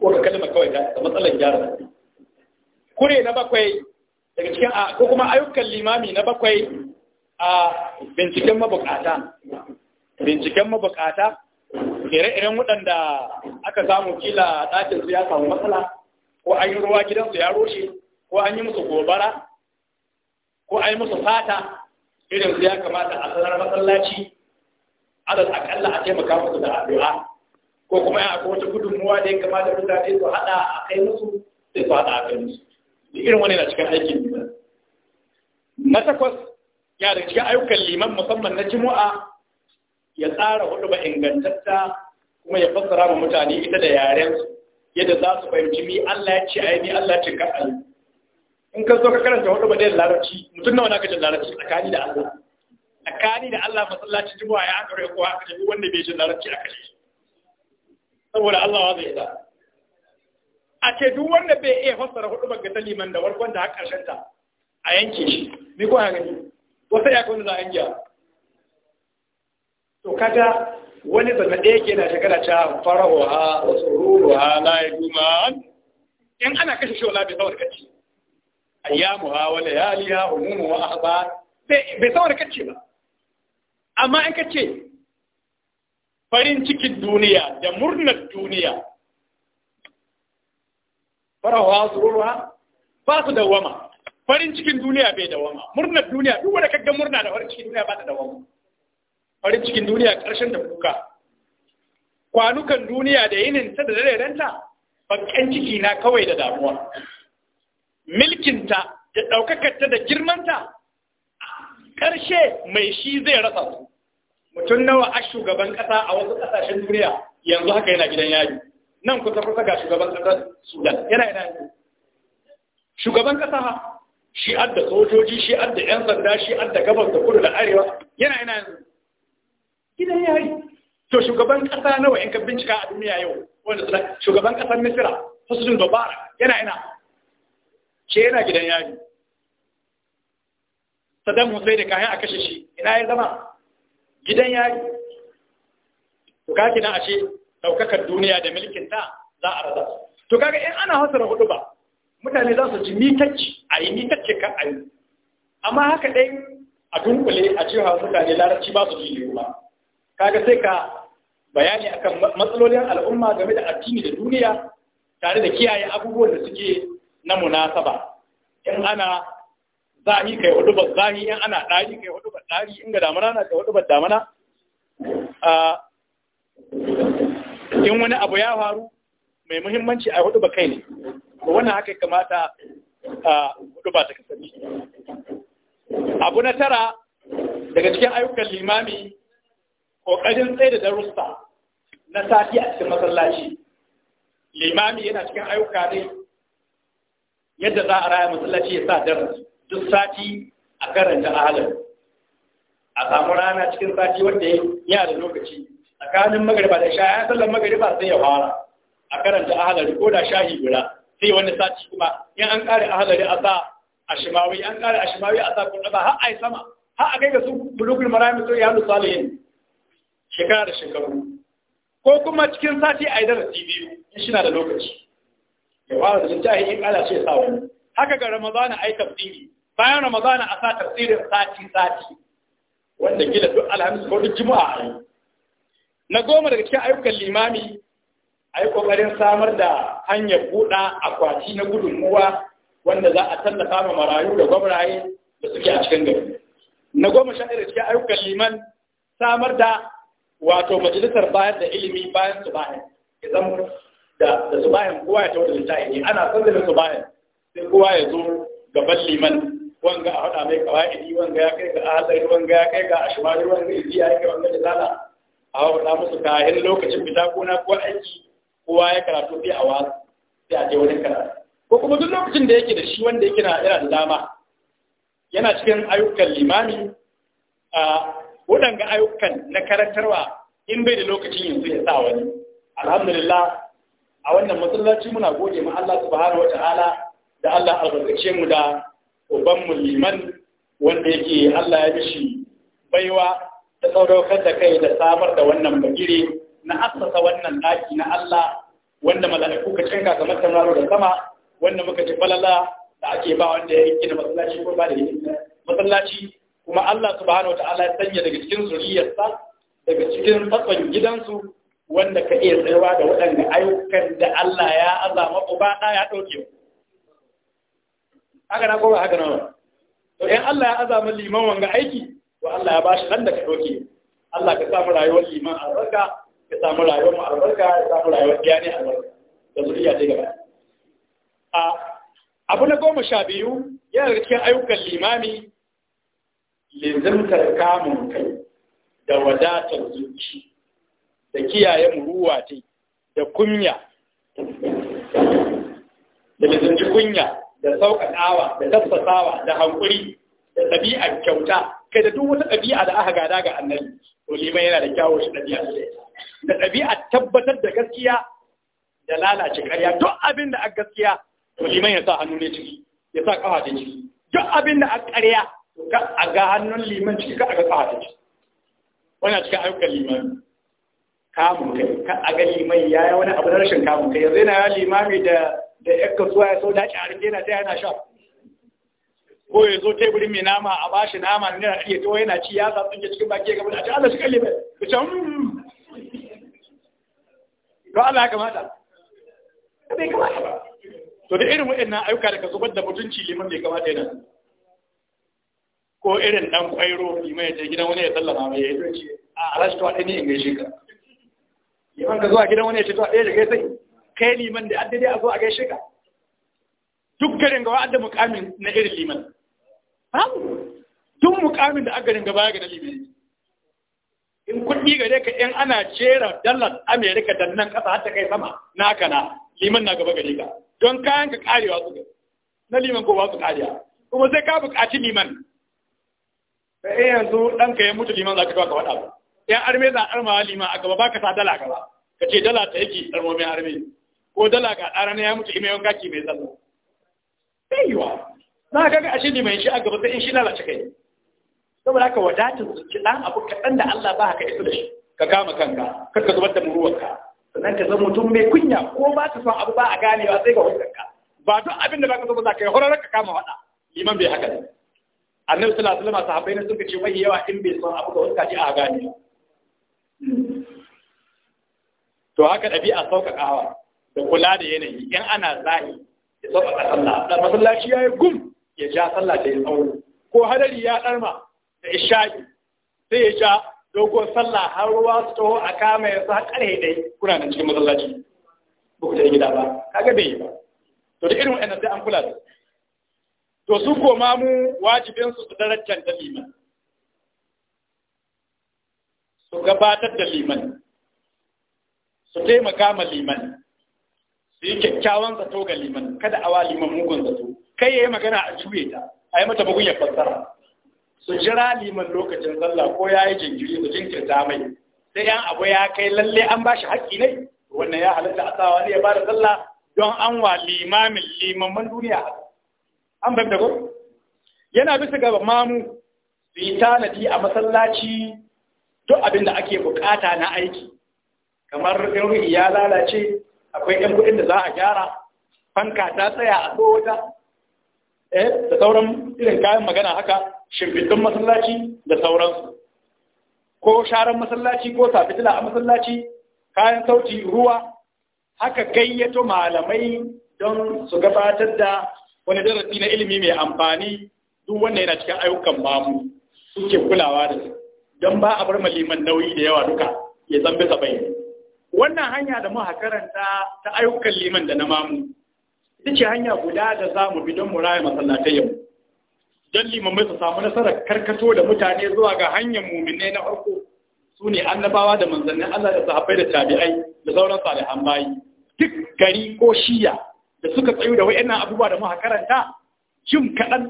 ko ka kalma kawai ta matsalar gyara kure na bakwai daga cikin a ko kuma ayyukan limami na bakwai a binciken mabukata binciken mabukata ire-iren waɗanda aka samu kila ɗakin su ya samu matsala ko an yi ruwa gidansu ya roshe ko an yi musu gobara ko an yi musu fata irin su ya kamata a sanar masallaci alal akalla a taimaka musu da addu'a ko kuma ya akwai wata gudunmuwa da ya kamata mutane su haɗa a kai musu sai su haɗa a kai musu da irin wani na cikin aikin liman na takwas ya da cikin ayyukan liman musamman na jimu'a ya tsara hudu ba ingantatta kuma ya fassara ma mutane ita da yaren su yadda za su fahimci ni Allah ya ce ai ni Allah ce ka in ka zo ka karanta hudu ba da larabci mutum nawa na ka jin larabci tsakani da Allah tsakani da Allah masallaci juma'a ya haɗa ko haka ne wanda bai jin larabci a kashe saboda Allah wa zai da a ce duk wanda bai iya fassara hudu ga liman da warkon da har ta a yanke shi ni ko ha gani wata ya kawai za a yanke to kada wani zama ɗaya ke na shekara ta farawa wa tsoruwa la ya duma in ana kashe shola bai saboda kacce ayyamuha wa layaliha umumu wa ahba bai saboda kacce ba amma in ka ce farin cikin duniya da murnar duniya farawa su ruwa ba su dawama farin cikin duniya bai dawama murnar duniya duk wanda kaga murna da farin cikin duniya ba ta dawama farin cikin duniya karshen da kuka kwanukan duniya da yinin ta da ta, bakan ciki na kawai da damuwa milkinta da ɗaukakarta da girmanta Karshe mai shi zai rasa su mutum nawa a shugaban ƙasa a wasu ƙasashen duniya yanzu haka yana gidan yari nan kusa kusa ga shugaban ƙasar sudan yana yana yanzu shugaban ƙasa ha shi adda sojoji shi adda yan sanda shi adda gabas da kudu da arewa yana yana yanzu gidan yari to shugaban ƙasa nawa in ka bincika a duniya yau wanda suna shugaban ƙasar misira husnul babara yana yana ce yana gidan yari Saddam Hussein da kayan a kashe shi ina ya zama gidan yari to kake nan ashe daukakar duniya da mulkin ta za a rasa to kaga in ana hasara hudu ba mutane za su ji mitacci a yi mitacci kan a yi amma haka dai a dunkule a cewa mutane larabci ba su ji ba kaga sai ka bayani akan matsalolin al'umma game da addini da duniya tare da kiyaye abubuwan da suke na munasaba in ana zahi kai hudu ba zahi in ana dari kai hudu ba dari in ga damana na kai hudu ba damana in wani abu ya faru mai muhimmanci a hudu ba kai ne wannan haka kamata hudu ba ta kasance abu na tara daga cikin ayyukan limami ƙoƙarin tsaye da darussa na sati a cikin masallaci limami yana cikin ayyuka ne yadda za a raya masallaci ya sa darasi duk sati a karanta ahalar a samu rana cikin sati wanda ya da lokaci tsakanin magariba da shaya sallar magariba sai ya fara a karanta ahalar ko da shahi guda sai wani sati kuma in an kare ahalar a sa a shimawi an kare a shimawi a sa kuma ba har yi sama har a kai ga su bulugul marami to ya salihin shekara da shekaru ko kuma cikin sati a yi darasi biyu in shi da lokaci ya fara da littafi in kala ce sa wani haka ga ramadana ai tafsiri bayan ramadana a sa tafsirin sati sati wanda gida duk alhamis ko duk juma'a a na goma daga cikin ayyukan limami a yi ƙoƙarin samar da hanyar buɗa akwati na gudunmuwa wanda za a tallafa ma marayu da gwamnati da suke a cikin gari na goma sha ɗaya cikin ayyukan liman samar da wato majalisar bayar da ilimi bayan su bayan idan da su bayan kowa ya tawo da littafi ana son da su bayan sai kowa ya zo gaban liman wanga a haɗa mai kawai wanga ya kai ga ahalari wanga ya kai ga ashimari wanga iziya ya yi wanga da zala a haɗa musu kayan lokacin fita gona ko aiki kowa ya karatu sai a wasu sai a je wurin karatu ko kuma duk lokacin da yake da shi wanda yake na yana da dama yana cikin ayyukan limami a waɗanga ayyukan na karantarwa in bai da lokacin yanzu ya sa wani alhamdulillah a wannan masallaci muna gode ma Allah subhanahu wataala da Allah albarkace mu da uban muliman wanda yake Allah ya mishi baiwa ta tsauraukar da kai da samar da wannan bagire na assasa wannan daki na Allah wanda mala'iku ka canka kamar tamaro da sama wanda muka ci falala da ake ba wanda ya gina masallaci ko ba da masallaci kuma Allah subhanahu wataala ya sanya daga cikin zuriyarsa daga cikin tsatson gidansu wanda ka iya tsayawa da waɗanda ayyukan da Allah ya azama uba ya ɗauke ku haka na kowa haka nan to in Allah ya azama liman wanga aiki to Allah ya bashi nan da ka doke Allah ka samu rayuwar liman albarka ka samu rayuwar mu albarka ka samu rayuwar iyali albarka da zuriya ta gaba a abu na goma sha biyu yana daga cikin ayyukan limami lizimtar kamun kai da wadatar zuci da kiyaye muruwa ta da kunya da lizinci kunya da sauƙaƙawa da tafsasawa da hankuri da ɗabi'ar kyauta kai da duk wata ɗabi'a da aka gada ga annabi to liman yana da kyawun shi ɗabi'a da ɗabi'a tabbatar da gaskiya da lalace ƙarya duk abin da a gaskiya to liman ya sa hannu ne ciki ya sa ƙafa ta ciki duk abin da a ƙarya ka a ga hannun liman ciki ka a ga ƙafa ta ciki wannan cikin ayyukan liman kamun kai ka a ga liman ya yi wani abu na rashin kamun kai yanzu yana limami da da yan kasuwa ya sau dace a rike na ta yana sha ko ya zo teburin mai nama a ba shi nama ne na iya tawo yana ci ya sa tsinke cikin baki ya gaba da ce Allah shi kalle bai ku ce to hmm. Allah ya kamata bai kamata ba to da irin waɗannan ayyuka da ka zubar da mutunci liman bai kamata yana ko irin dan kwairo liman ya je gidan wani ya sallama mai ya yi to ce a alashi to a ɗani in gaishe ka liman ka zuwa gidan wani ya ce to a ɗaya da kai liman da dai a zo a gaishe ka duk garin gawa adda mukamin na irin liman babu duk mukamin da agarin gaba ga na liman in kuɗi gare ka in ana jera dalar amerika da nan ƙasa har ta kai sama naka na liman na gaba gare ka don kayan ka karewa su na liman ko ba su kariya. kuma sai ka buƙaci liman sai yanzu ɗanka ya mutu liman za ka kawo ka ba yan arme za a liman a gaba ba ka sa dala gaba ka ce dala ta yake armomin arme ko dala ga ɗara na ya mutu ime yawon kaki mai zalla sai yiwa za ka ga ashe ne mai shi a gaba sai in shi lalace kai saboda haka wadatin ci ɗan abu kaɗan da Allah ba ka isa da shi ka kama kanka kar ka zubar da muruwarka sannan ka zama mutum mai kunya ko ba ka son abu ba a ganewa sai ga huskarka ba duk abin da ba ka zama za ka yi horar ka kama waɗa liman bai haka ne annabi sallallahu alaihi wasallam sahabbai ne suka ce mai yawa in bai son abu ga huska ji a ganewa to haka ɗabi'a sauƙaƙawa da kula da yanayi in ana zahi ya sauka a sallah dan masallaci yayi gum ya ja sallah da ya tsawo ko hadari ya darma da isha'i sai ya ja dogon sallah har ruwa su taho a kama ya sa kare dai kuna nan cikin masallaci ba ku da gida ba kaga bai yi ba to da irin wannan sai an kula da to su ko ma mu wajibin su su darajar da liman su gabatar da liman su taimaka ma liman sai kyakkyawan zato ga liman kada a wa liman mugun zato kai yayi magana a juye ta a yi mata ya fassara su jira liman lokacin sallah ko yayi yi jinkiri su jinkirta mai sai yan abu ya kai lalle an ba shi haƙƙi ne wannan ya halatta a tsawa ne ya bada sallah don an wa limamin man duniya an bai da yana bisa ga mamu su yi tanadi a masallaci duk abin da ake bukata na aiki kamar in ya lalace akwai ɗan kuɗin da za a gyara fanka ta tsaya a wata eh da sauran irin kayan magana haka shimfiɗin masallaci da sauransu ko sharan masallaci ko safitila a masallaci kayan sauti ruwa haka gayyato malamai don su gabatar da wani darasi na ilimi mai amfani duk wanda yana cikin ayyukan mamu suke kulawa da su don ba a bar maliman nauyi da yawa duka ya zambi sabai wannan hanya da muka karanta ta ayyukan liman da na mamu ita ce hanya guda da za mu bi don mu raya masallatai yau don limamai su samu nasarar karkato da mutane zuwa ga hanyar muminai na farko su ne annabawa da manzannin Allah da sahabbai da tabi'ai da sauran salihan bayi duk gari ko shiya da suka tsayu da wayannan abubuwa da muka karanta jim kaɗan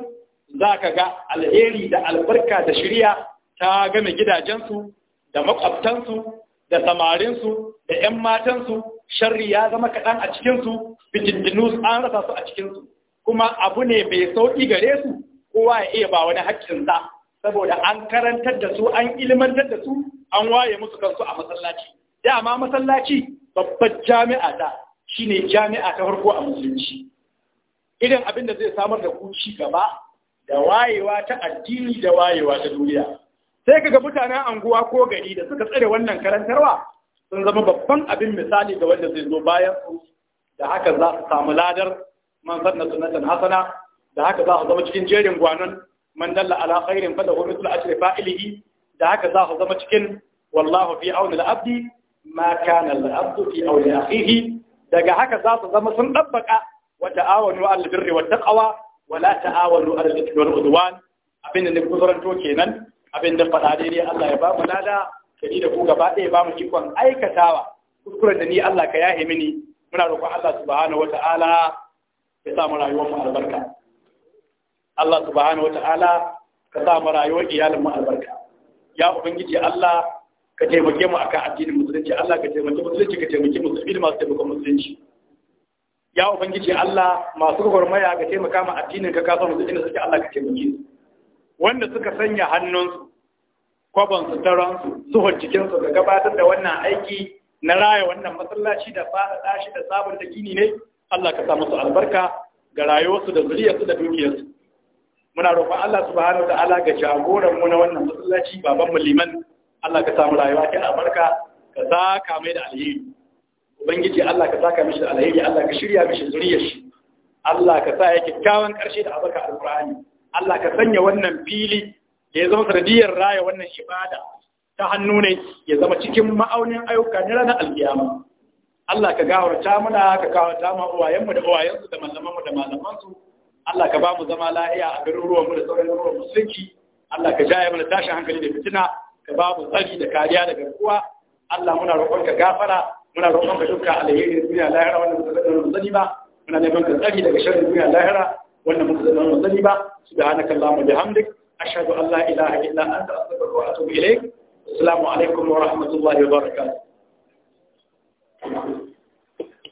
za ka ga alheri da albarka da shirya ta gama gidajensu da makwabtansu da samarinsu da 'yan matansu sharri ya zama kaɗan a cikinsu fitintinu an rasa su a cikinsu kuma abu ne mai sauƙi gare su kowa ya iya ba wani haƙƙinsa saboda an karantar da su an ilmantar da su an waye musu kansu a masallaci dama masallaci babbar jami'a ta shine jami'a ta farko a musulunci Irin abin da zai samar da ku ci gaba da wayewa ta addini da wayewa ta duniya sai kaga mutanen anguwa ko gari da suka tsare wannan karantarwa sun zama babban abin misali ga wanda zai zo bayan su da haka za su samu ladar man sanna sunnatan hasana da haka za su zama cikin jerin gwanon man dalla ala khairin fa lahu mithlu ajri fa'ilihi da haka za su zama cikin wallahu fi auni al-abdi ma kana al-abdu fi auni akhihi daga haka za su zama sun dabbaka wa ta'awanu al-birri wat taqwa wa la ta'awanu al-ithmi wal udwan abin da ne kuzuranto kenan abin da faɗa daidai Allah ya ba mu lada da ni da ku gaba ɗaya ba mu ikon aikatawa kuskuren da ni Allah ka yahe mini muna roƙon Allah subhanahu wata'ala ya sa mu rayuwar mu albarka Allah subhanahu wata'ala ka sa mu rayuwar iyalin mu albarka ya ubangiji Allah ka taimake mu akan addinin musulunci Allah ka taimake musulunci ka taimake musulmi da masu taimakon musulunci ya ubangiji Allah masu gwagwarmaya ka taimaka ma addinin ka kasa musulunci da suke Allah ka taimake mu wanda suka sanya hannunsu kwabansu taronsu suhon cikinsu ga gabatar da wannan aiki na raya wannan masallaci da faɗaɗa tashi da sabon da gini ne Allah ka sa musu albarka ga rayuwarsu da zuriyarsu da dukiyarsu muna roƙon Allah subhanahu wa ta'ala ga jagoran mu na wannan masallaci baban mu liman Allah ka samu rayuwa ta albarka ka saka mai da alheri ubangiji Allah ka saka mishi da alheri Allah ka shirya mishi zuriyar shi Allah ka sa ya kyakkyawan ƙarshe da abaka alqur'ani Allah ka sanya wannan fili da ya zama sanadiyar raya wannan ibada ta hannu ne ya zama cikin ma'aunin ayyuka na ranar alkiyama Allah ka gawarta muna ka gawarta ma uwayenmu da uwayensu da malamanmu da malamansu Allah ka ba mu zama lahiya a garin ruwanmu da sauran ruwan musulunci Allah ka jaye mana tashin hankali da fitina ka ba mu tsari da kariya da garkuwa Allah muna roƙon ka gafara muna roƙon ka dukkan alheri duniya lahira wannan da ba sani ba muna neman ka tsari daga sharrin duniya lahira وانا مخزن ومذنبا سبحانك اللهم وبحمدك أشهد أن لا إله إلا أنت أستغفر وأتوب إليك السلام عليكم ورحمة الله وبركاته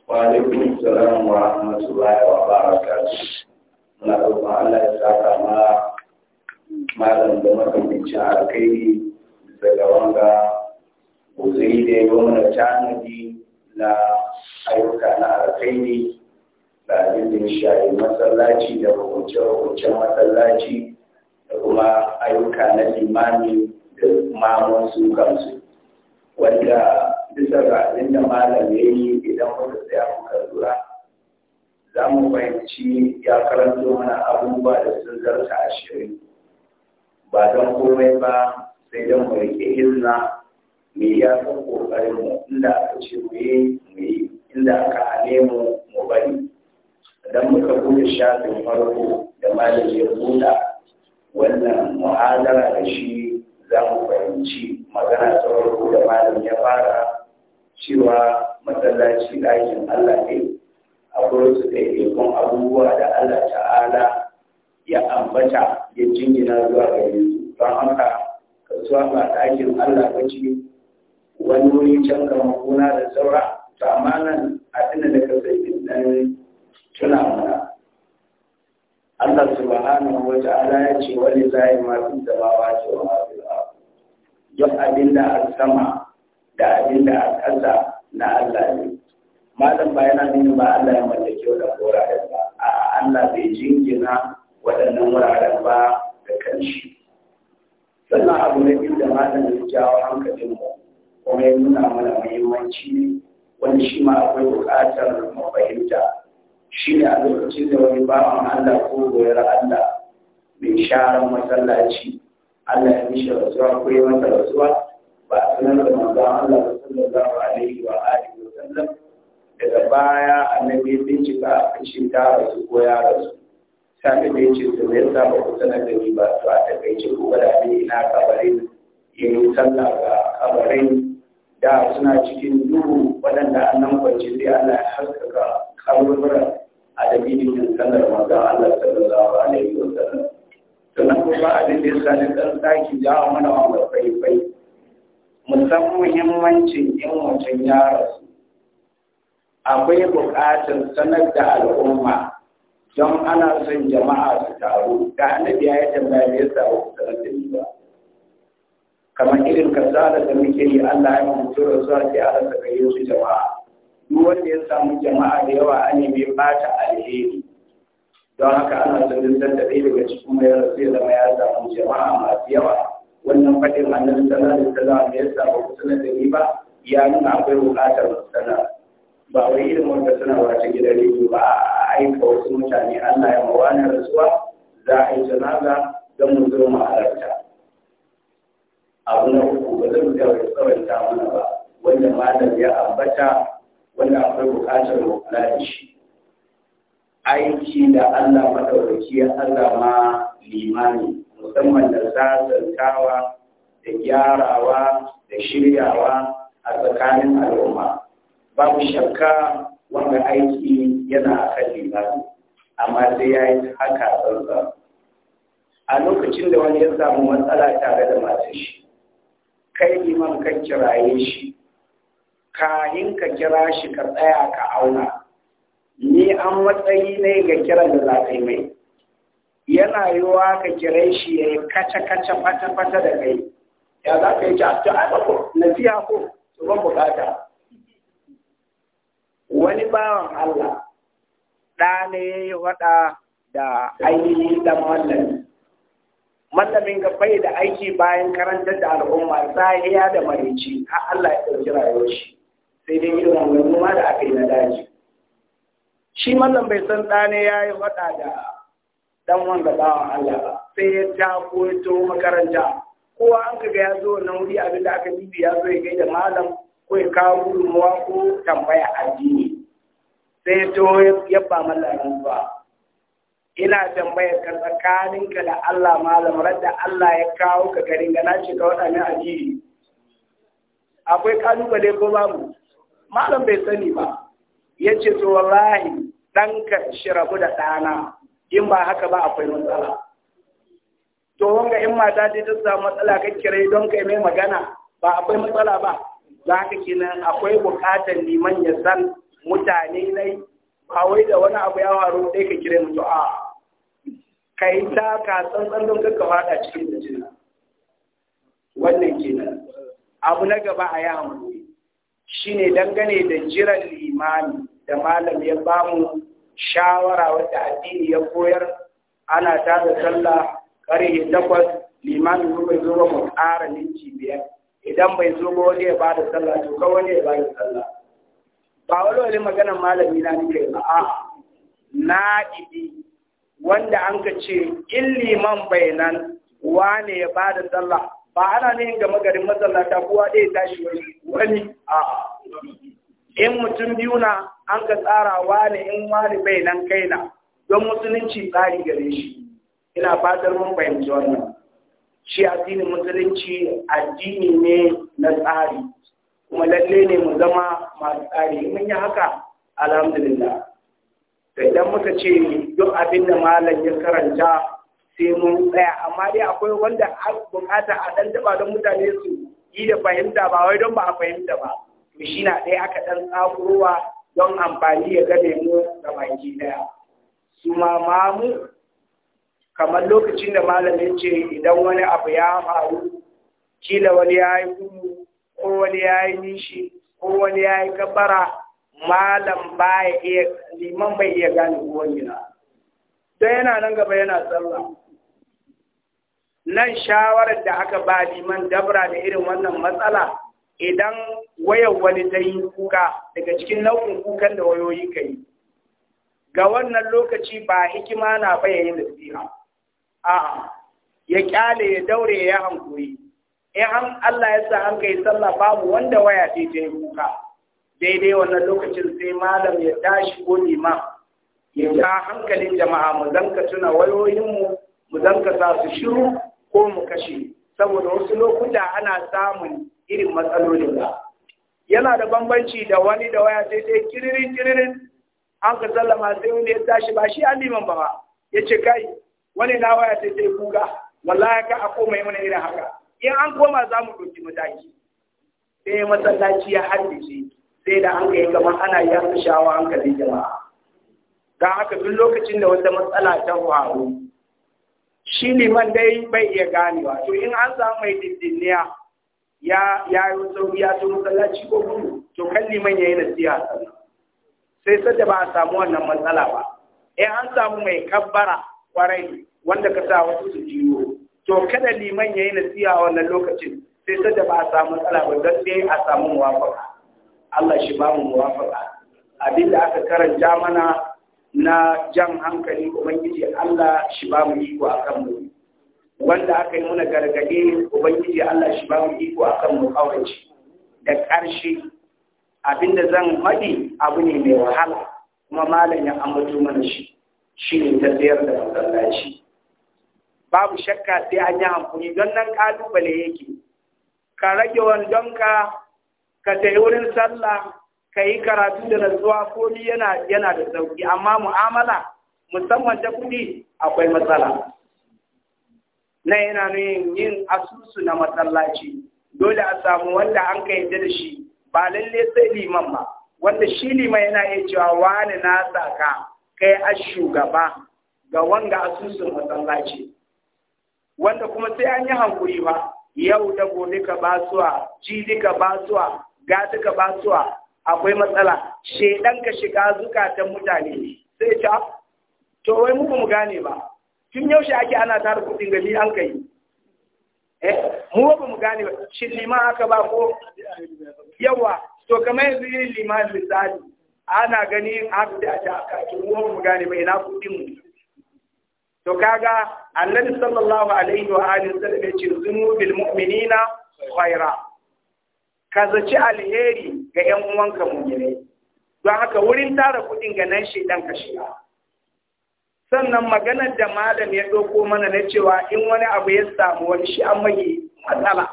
وعليكم السلام ورحمة الله وبركاته نعم الله إذا ما لم تمكن من شعركي بسجوانك وزيدي يومنا شعركي لا أيوك أنا أركيني tare da shayi masallaci da rubuce hukuncen masallaci da kuma ayyuka na limami da mamon su kansu wanda bisa ga abin da malam ya yi idan muka tsaya muka lura za mu fahimci ya karanto mana abubuwa da sun zarta ashirin ba don komai ba sai don mu rike mai mu ya san kokarin mu inda aka ce mu yi mu yi inda aka hane mu mu bari dan muka kuma shafin farko da malam ya buɗa wannan mu'adara da shi za mu fahimci magana ta da malam ya fara cewa masallaci ɗakin Allah ne akwai wasu ɗaiɗaikun abubuwa da Allah ta'ala ya ambata ya jingina zuwa ga yanzu don haka kasuwa ba ɗakin Allah ba ce wani wuri can kama da saura to amma nan a da kasar tuna mana Allah subhanahu wa ta'ala ya ce wani zai ma zamawa ce wa mafi duk abin da a sama da abin da a ƙasa na Allah ne malam ba yana nuna ba Allah ya mallake wa wuraren ba a Allah bai jingina waɗannan wuraren ba da kanshi sannan abu na biyu da malam ya jawo hankalin mu kuma ya nuna mana muhimmanci wani shi ma akwai buƙatar mu fahimta shi ne a lokacin da wani bawan Allah ko goyar Allah mai sharan masallaci Allah ya mishi rasuwa ko yi masa rasuwa ba a sanar da manzon Allah sallallahu alaihi wa alihi wa sallam daga baya annabi bincika a kashin ta rasu ko ya rasu sai da yace to me yasa ba sanar da ni ba to a takaice ko da ne na kabarin yi sallah ga kabarin da suna cikin duhu waɗanda annan kwanci sai Allah ya haskaka kaburbura a dalilin kankanar manzon Allah sallallahu alaihi wa sallam sannan kuma abin da ya sani dan saki jawo mana wannan faifai san muhimmancin in mutum ya rasu akwai buƙatar sanar da al'umma don ana son jama'a su taru da annabi ya tambaya me yasa ba ku sanar da ni ba kamar irin kasala da muke yi Allah ya mutu rasuwa sai a rasa gare su jama'a duk wanda ya samu jama'a da yawa a ne mai bata alheri don haka ana sanin da ɗaya daga cikin mai rasu zama ya samu jama'a masu yawa wannan faɗin annabi sallallahu alaihi wasallam da ya samu kusa da ni ba ya nuna akwai buƙatar sana ba wai irin wanda suna wata gidan rediyo ba a aika wasu mutane Allah ya mawana rasuwa za a yi janaza don mu zo mu halarta abu na uku ba zan da wai tsawon mana ba wanda malam ya ambata wanda akwai bukatar mu da shi aiki da Allah madauraki ya ma limani musamman da zazantawa da gyarawa da shiryawa a tsakanin al'umma babu shakka wanda aiki yana a kan limani amma sai ya yi haka tsantsa a lokacin da wani ya samu matsala tare da masu shi kai liman kan kiraye shi kahin ka kira shi ka tsaya ka auna ni an matsayi ne ga kiran da za ka yi mai yana yiwuwa ka kira shi ya yi kaca-kaca fata-fata da kai ya za ka yi a ta ko nasiha ko tsoron bukata wani bawan Allah ɗa ne ya yi waɗa da ainihin da mallami mallamin ga bai da aiki bayan karantar da al'umma sahiya da marici har Allah ya ɗauki rayuwar shi sai dai irin wannan noma da aka yi na daji shi mallam bai san ɗane ya yi faɗa da ɗan wanda wa Allah ba sai ya ta ko ya taho makaranta kowa an kaga ya zo wannan wuri abin da aka bibi ya zo ya da malam ko ya kawo gudunmuwa ko tambaya addini sai ya to ya ba mallam ba ina tambayar ka tsakaninka da Allah malam radda Allah ya kawo ka garin gana ce ka waɗannan addini akwai kalubale ko babu malam bai sani ba ya ce to wallahi ɗanka shi rabu da ɗana in ba haka ba akwai matsala to wanga in mata ce ta samu matsala ka kira don kai mai magana ba akwai matsala ba za ka kenan akwai bukatar liman ya san mutane nai ba wai da wani abu ya faru dai ka kira mutu a kai ta ka tsantsan don ka fada cikin da jina wannan kenan abu na gaba a yi shine dangane da jiran limani da malam ya bamu shawara wadda addini ya koyar ana tada sallah ƙarfe takwas limani ko bai zo ba mu ƙara minti biyar idan bai zo ba wani ya bada sallah to ka wani ya bada sallah ba wani wani maganar malami na nake ba a ibi wanda an ka ce in liman bai nan wane ya bada sallah ba ana ne ga magarin masallata kowa ɗaya tashi wani a in mutum biyu na an ka tsara wani in wani bai nan kaina don musulunci tsari gare shi ina fatar mun fahimci wannan shi addinin musulunci addini ne na tsari kuma lalle ne mu zama masu tsari mun yi haka alhamdulillah idan muka ce duk abin da malam ya karanta sai mun tsaya amma dai akwai wanda a bukata a ɗan daba don mutane su yi da fahimta ba wai don ba a fahimta ba to shi na ɗaya aka ɗan tsakurowa don amfani ya gane mu da baki daya su ma mu kamar lokacin da malamin ce idan wani abu ya faru kila wani ya yi gudu ko wani ya yi nishi ko wani ya yi kabara malam ba ya iya liman bai iya gane ko wani na don yana nan gaba yana tsalla. nan shawarar da aka ba liman dabra da irin wannan matsala idan wayar wani ta yi kuka daga cikin nau'in kukan da wayoyi ka yi ga wannan lokaci ba hikima na yin nasiha a ya kyale ya daure ya hankuri in an Allah ya sa an kai sallah babu wanda waya ce ta yi kuka daidai wannan lokacin sai malam ya tashi ko liman ya hankalin jama'a mu zanka tuna wayoyinmu mu zanka sa su shiru ko mu kashe saboda wasu lokuta ana samun irin matsaloli ba yana da bambanci da wani da waya sai dai kiririn kiririn an ka sallama sai wani ya tashi ba shi aliman ba ba ya ce kai wani na waya sai dai kuga wallahi ka a komai mana irin haka in an koma za mu ɗauki mataki sai masallaci ya haddace sai da an kai kamar ana yasa shawa hankali jama'a don haka duk lokacin da wata matsala ta faru shi liman dai bai iya ganewa to in an samu mai dindiniya ya ya yi sauri ya zo masallaci ko gudu to kan liman ya yi nasiha sai sadda ba a samu wannan matsala ba in an samu mai kabbara kwarai wanda ka sa wasu su jiwo to kada liman ya yi na siya a wannan lokacin sai sadda ba a samu matsala ba don sai a samu muwafaka Allah shi ba mu muwafaka abin da aka karanta mana na jan hankali ubangiji Allah shi ba mu iko akan mu wanda aka yi muna gargade ubangiji Allah shi ba mu iko akan mu kawai da ƙarshe abinda zan faɗi abu ne mai wahala kuma malam ya ambato mana shi shi ne ta tsayar da masallaci babu shakka sai an yi hankuri don nan ƙalubale yake ka rage wandonka ka tayi wurin sallah ka yi karatu da natsuwa komi yana yana da sauki amma mu'amala musamman ta kuɗi akwai matsala na yana nuyin yin asusu na matsalaci, dole a samu wanda an ka yadda da shi ba lalle sai liman ba wanda shi liman yana iya cewa wani na ka kai a shugaba ga wanga asusun matsalaci. wanda kuma sai an yi hankuri ba yau da gobe ka basuwa jili ka basuwa gata ka basuwa akwai matsala shedan ka shiga zukatan mutane sai ta ah, to wai mu mu gane ba tun yaushe ake ana tara kudin gani an kai eh mu ba mu gane ba shin liman aka ba ko yawa to kamar yanzu yin liman misali ana gani haka da ta aka ah, to mu ba mu gane ba ina kudin mu to kaga annabi sallallahu alaihi wa alihi wasallam ya ce zunubil mu'minina khaira ka zaci alheri ga ‘yan uwanka mujirai, don haka wurin tara kuɗin ga nan shi ɗan ka Sannan maganar da malam ya ɗauko mana na cewa in wani abu ya samu wani shi an mai matsala,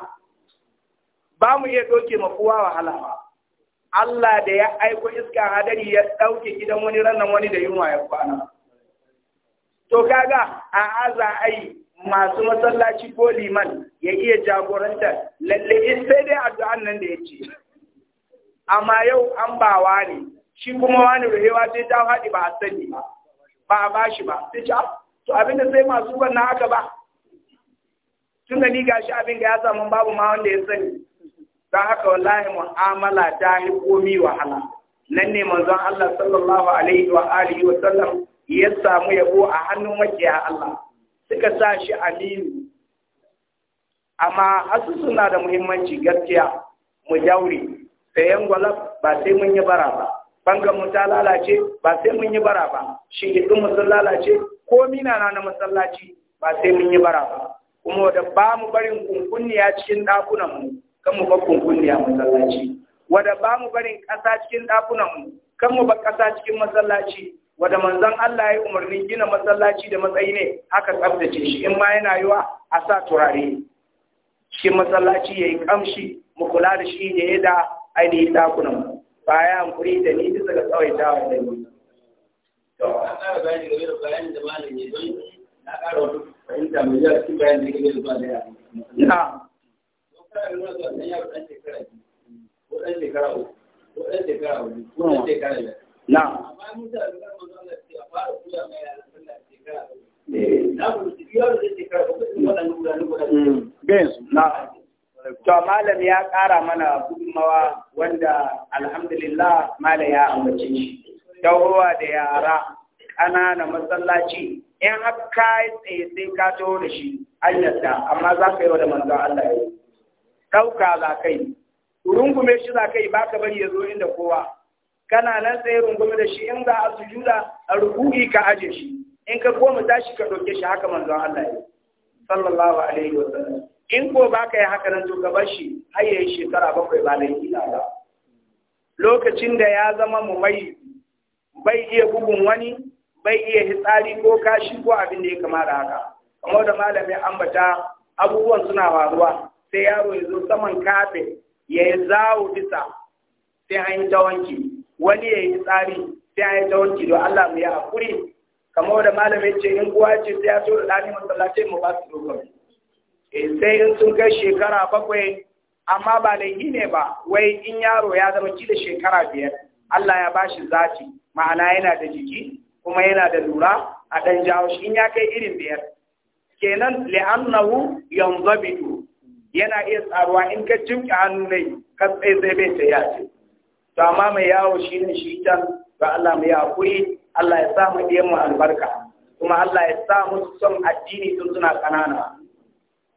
ba mu iya ɗauke ma kowa wahala ba. Allah da ya aiko iska hadari ya ɗauke gidan wani ranar wani da yunwa ya kwana. To kaga a aza ai masu masallaci ko liman ya iya jagoranta lalle in sai dai addu'an nan da ya ce amma yau an ba wani shi kuma wani rahewa sai ta haɗi ba a sani ba ba a ba shi ba sai ce ah, to abin da sai masu na haka ba tun da ni gashi abin da ya samu babu ma wanda ya sani don haka wallahi mu'amala ta yi komi wahala nan ne manzon Allah sallallahu alaihi wa alihi wa sallam ya samu yabo a hannun makiya Allah suka sa shi aminu amma hasu suna da muhimmanci gaskiya mu daure sayan gwalab ba sai mun yi bara ba bangan mu ta lalace ba sai mun yi bara ba shi hidin mu sun lalace ko mina na na masallaci ba sai mun yi bara ba kuma da ba mu barin kunkunniya cikin ɗakunan mu kan mu bar kunkunniya masallaci wada ba mu barin ƙasa cikin ɗakunan mu kan mu bar ƙasa cikin masallaci wanda manzon Allah ya yi umarnin gina masallaci da matsayi ne aka tsabtace shi in ma yana yiwa a sa turare shi masallaci ya yi kamshi mu kula da shi da ya da ainihin dakunan baya hankuri da ni bisa ga tsawaita wa da ni. Na. shekara uku, shekara uku, shekara biyar. na eh. mm. to malam ya ƙara mana gudunmawa wanda alhamdulillah malam ya amince shi dawowa da yara ƙanana masallaci in har ka tsaye sai ka taho da shi an amma za ka yi wa da manzon Allah ya yi ɗauka za ka yi rungume shi za ka yi ba ka bari ya zo inda kowa kana nan sai rungume da shi in za a sujuda a ruku'i ka aje shi in ka koma tashi ka ɗauke shi haka manzon Allah ya sallallahu alaihi wa sallam in ko ba ka yi haka nan to ka bar shi har yayi shekara bakwai ba ila ba lokacin da ya zama mu mai bai iya bugun wani bai iya hitsari ko kashi ko abin da ya kama da haka kamar da malamin ambata abubuwan suna faruwa sai yaro ya zo saman kafe ya yi zawo bisa sai an yi ta wanki wani ya yi tsari sai ya yi ta wanki don Allah mu ya hakuri kamar da malamai ce in kuwa ce sai ya so da ɗani masallacin mu ba su dokar eh, sai in sun kai shekara bakwai amma ba yi ne ba wai in yaro ya zama ki shekara biyar Allah ya ba shi zaci ma'ana yana da jiki kuma yana da lura a ɗan jawo shi in ya kai irin biyar kenan li'annahu yanzabitu yana iya tsaruwa in ka jimƙi hannu ne ka tsaye zai bai ta yace to amma mai yawo shi ne shi can ga Allah mai hakuri Allah ya sa mu mu albarka kuma Allah ya sa mu son addini tun suna kanana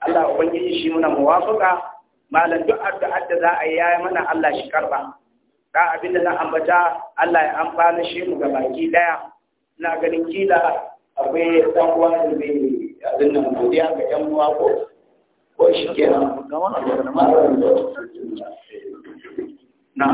Allah ubangiji shi muna muwafaka malam duk addu'ar da za a yi mana Allah shi karba ka abin da na ambata Allah ya amfana shi mu ga baki daya na ganin kila akwai dan uwa da bai abin nan godiya ga yan uwa ko ko shi kenan na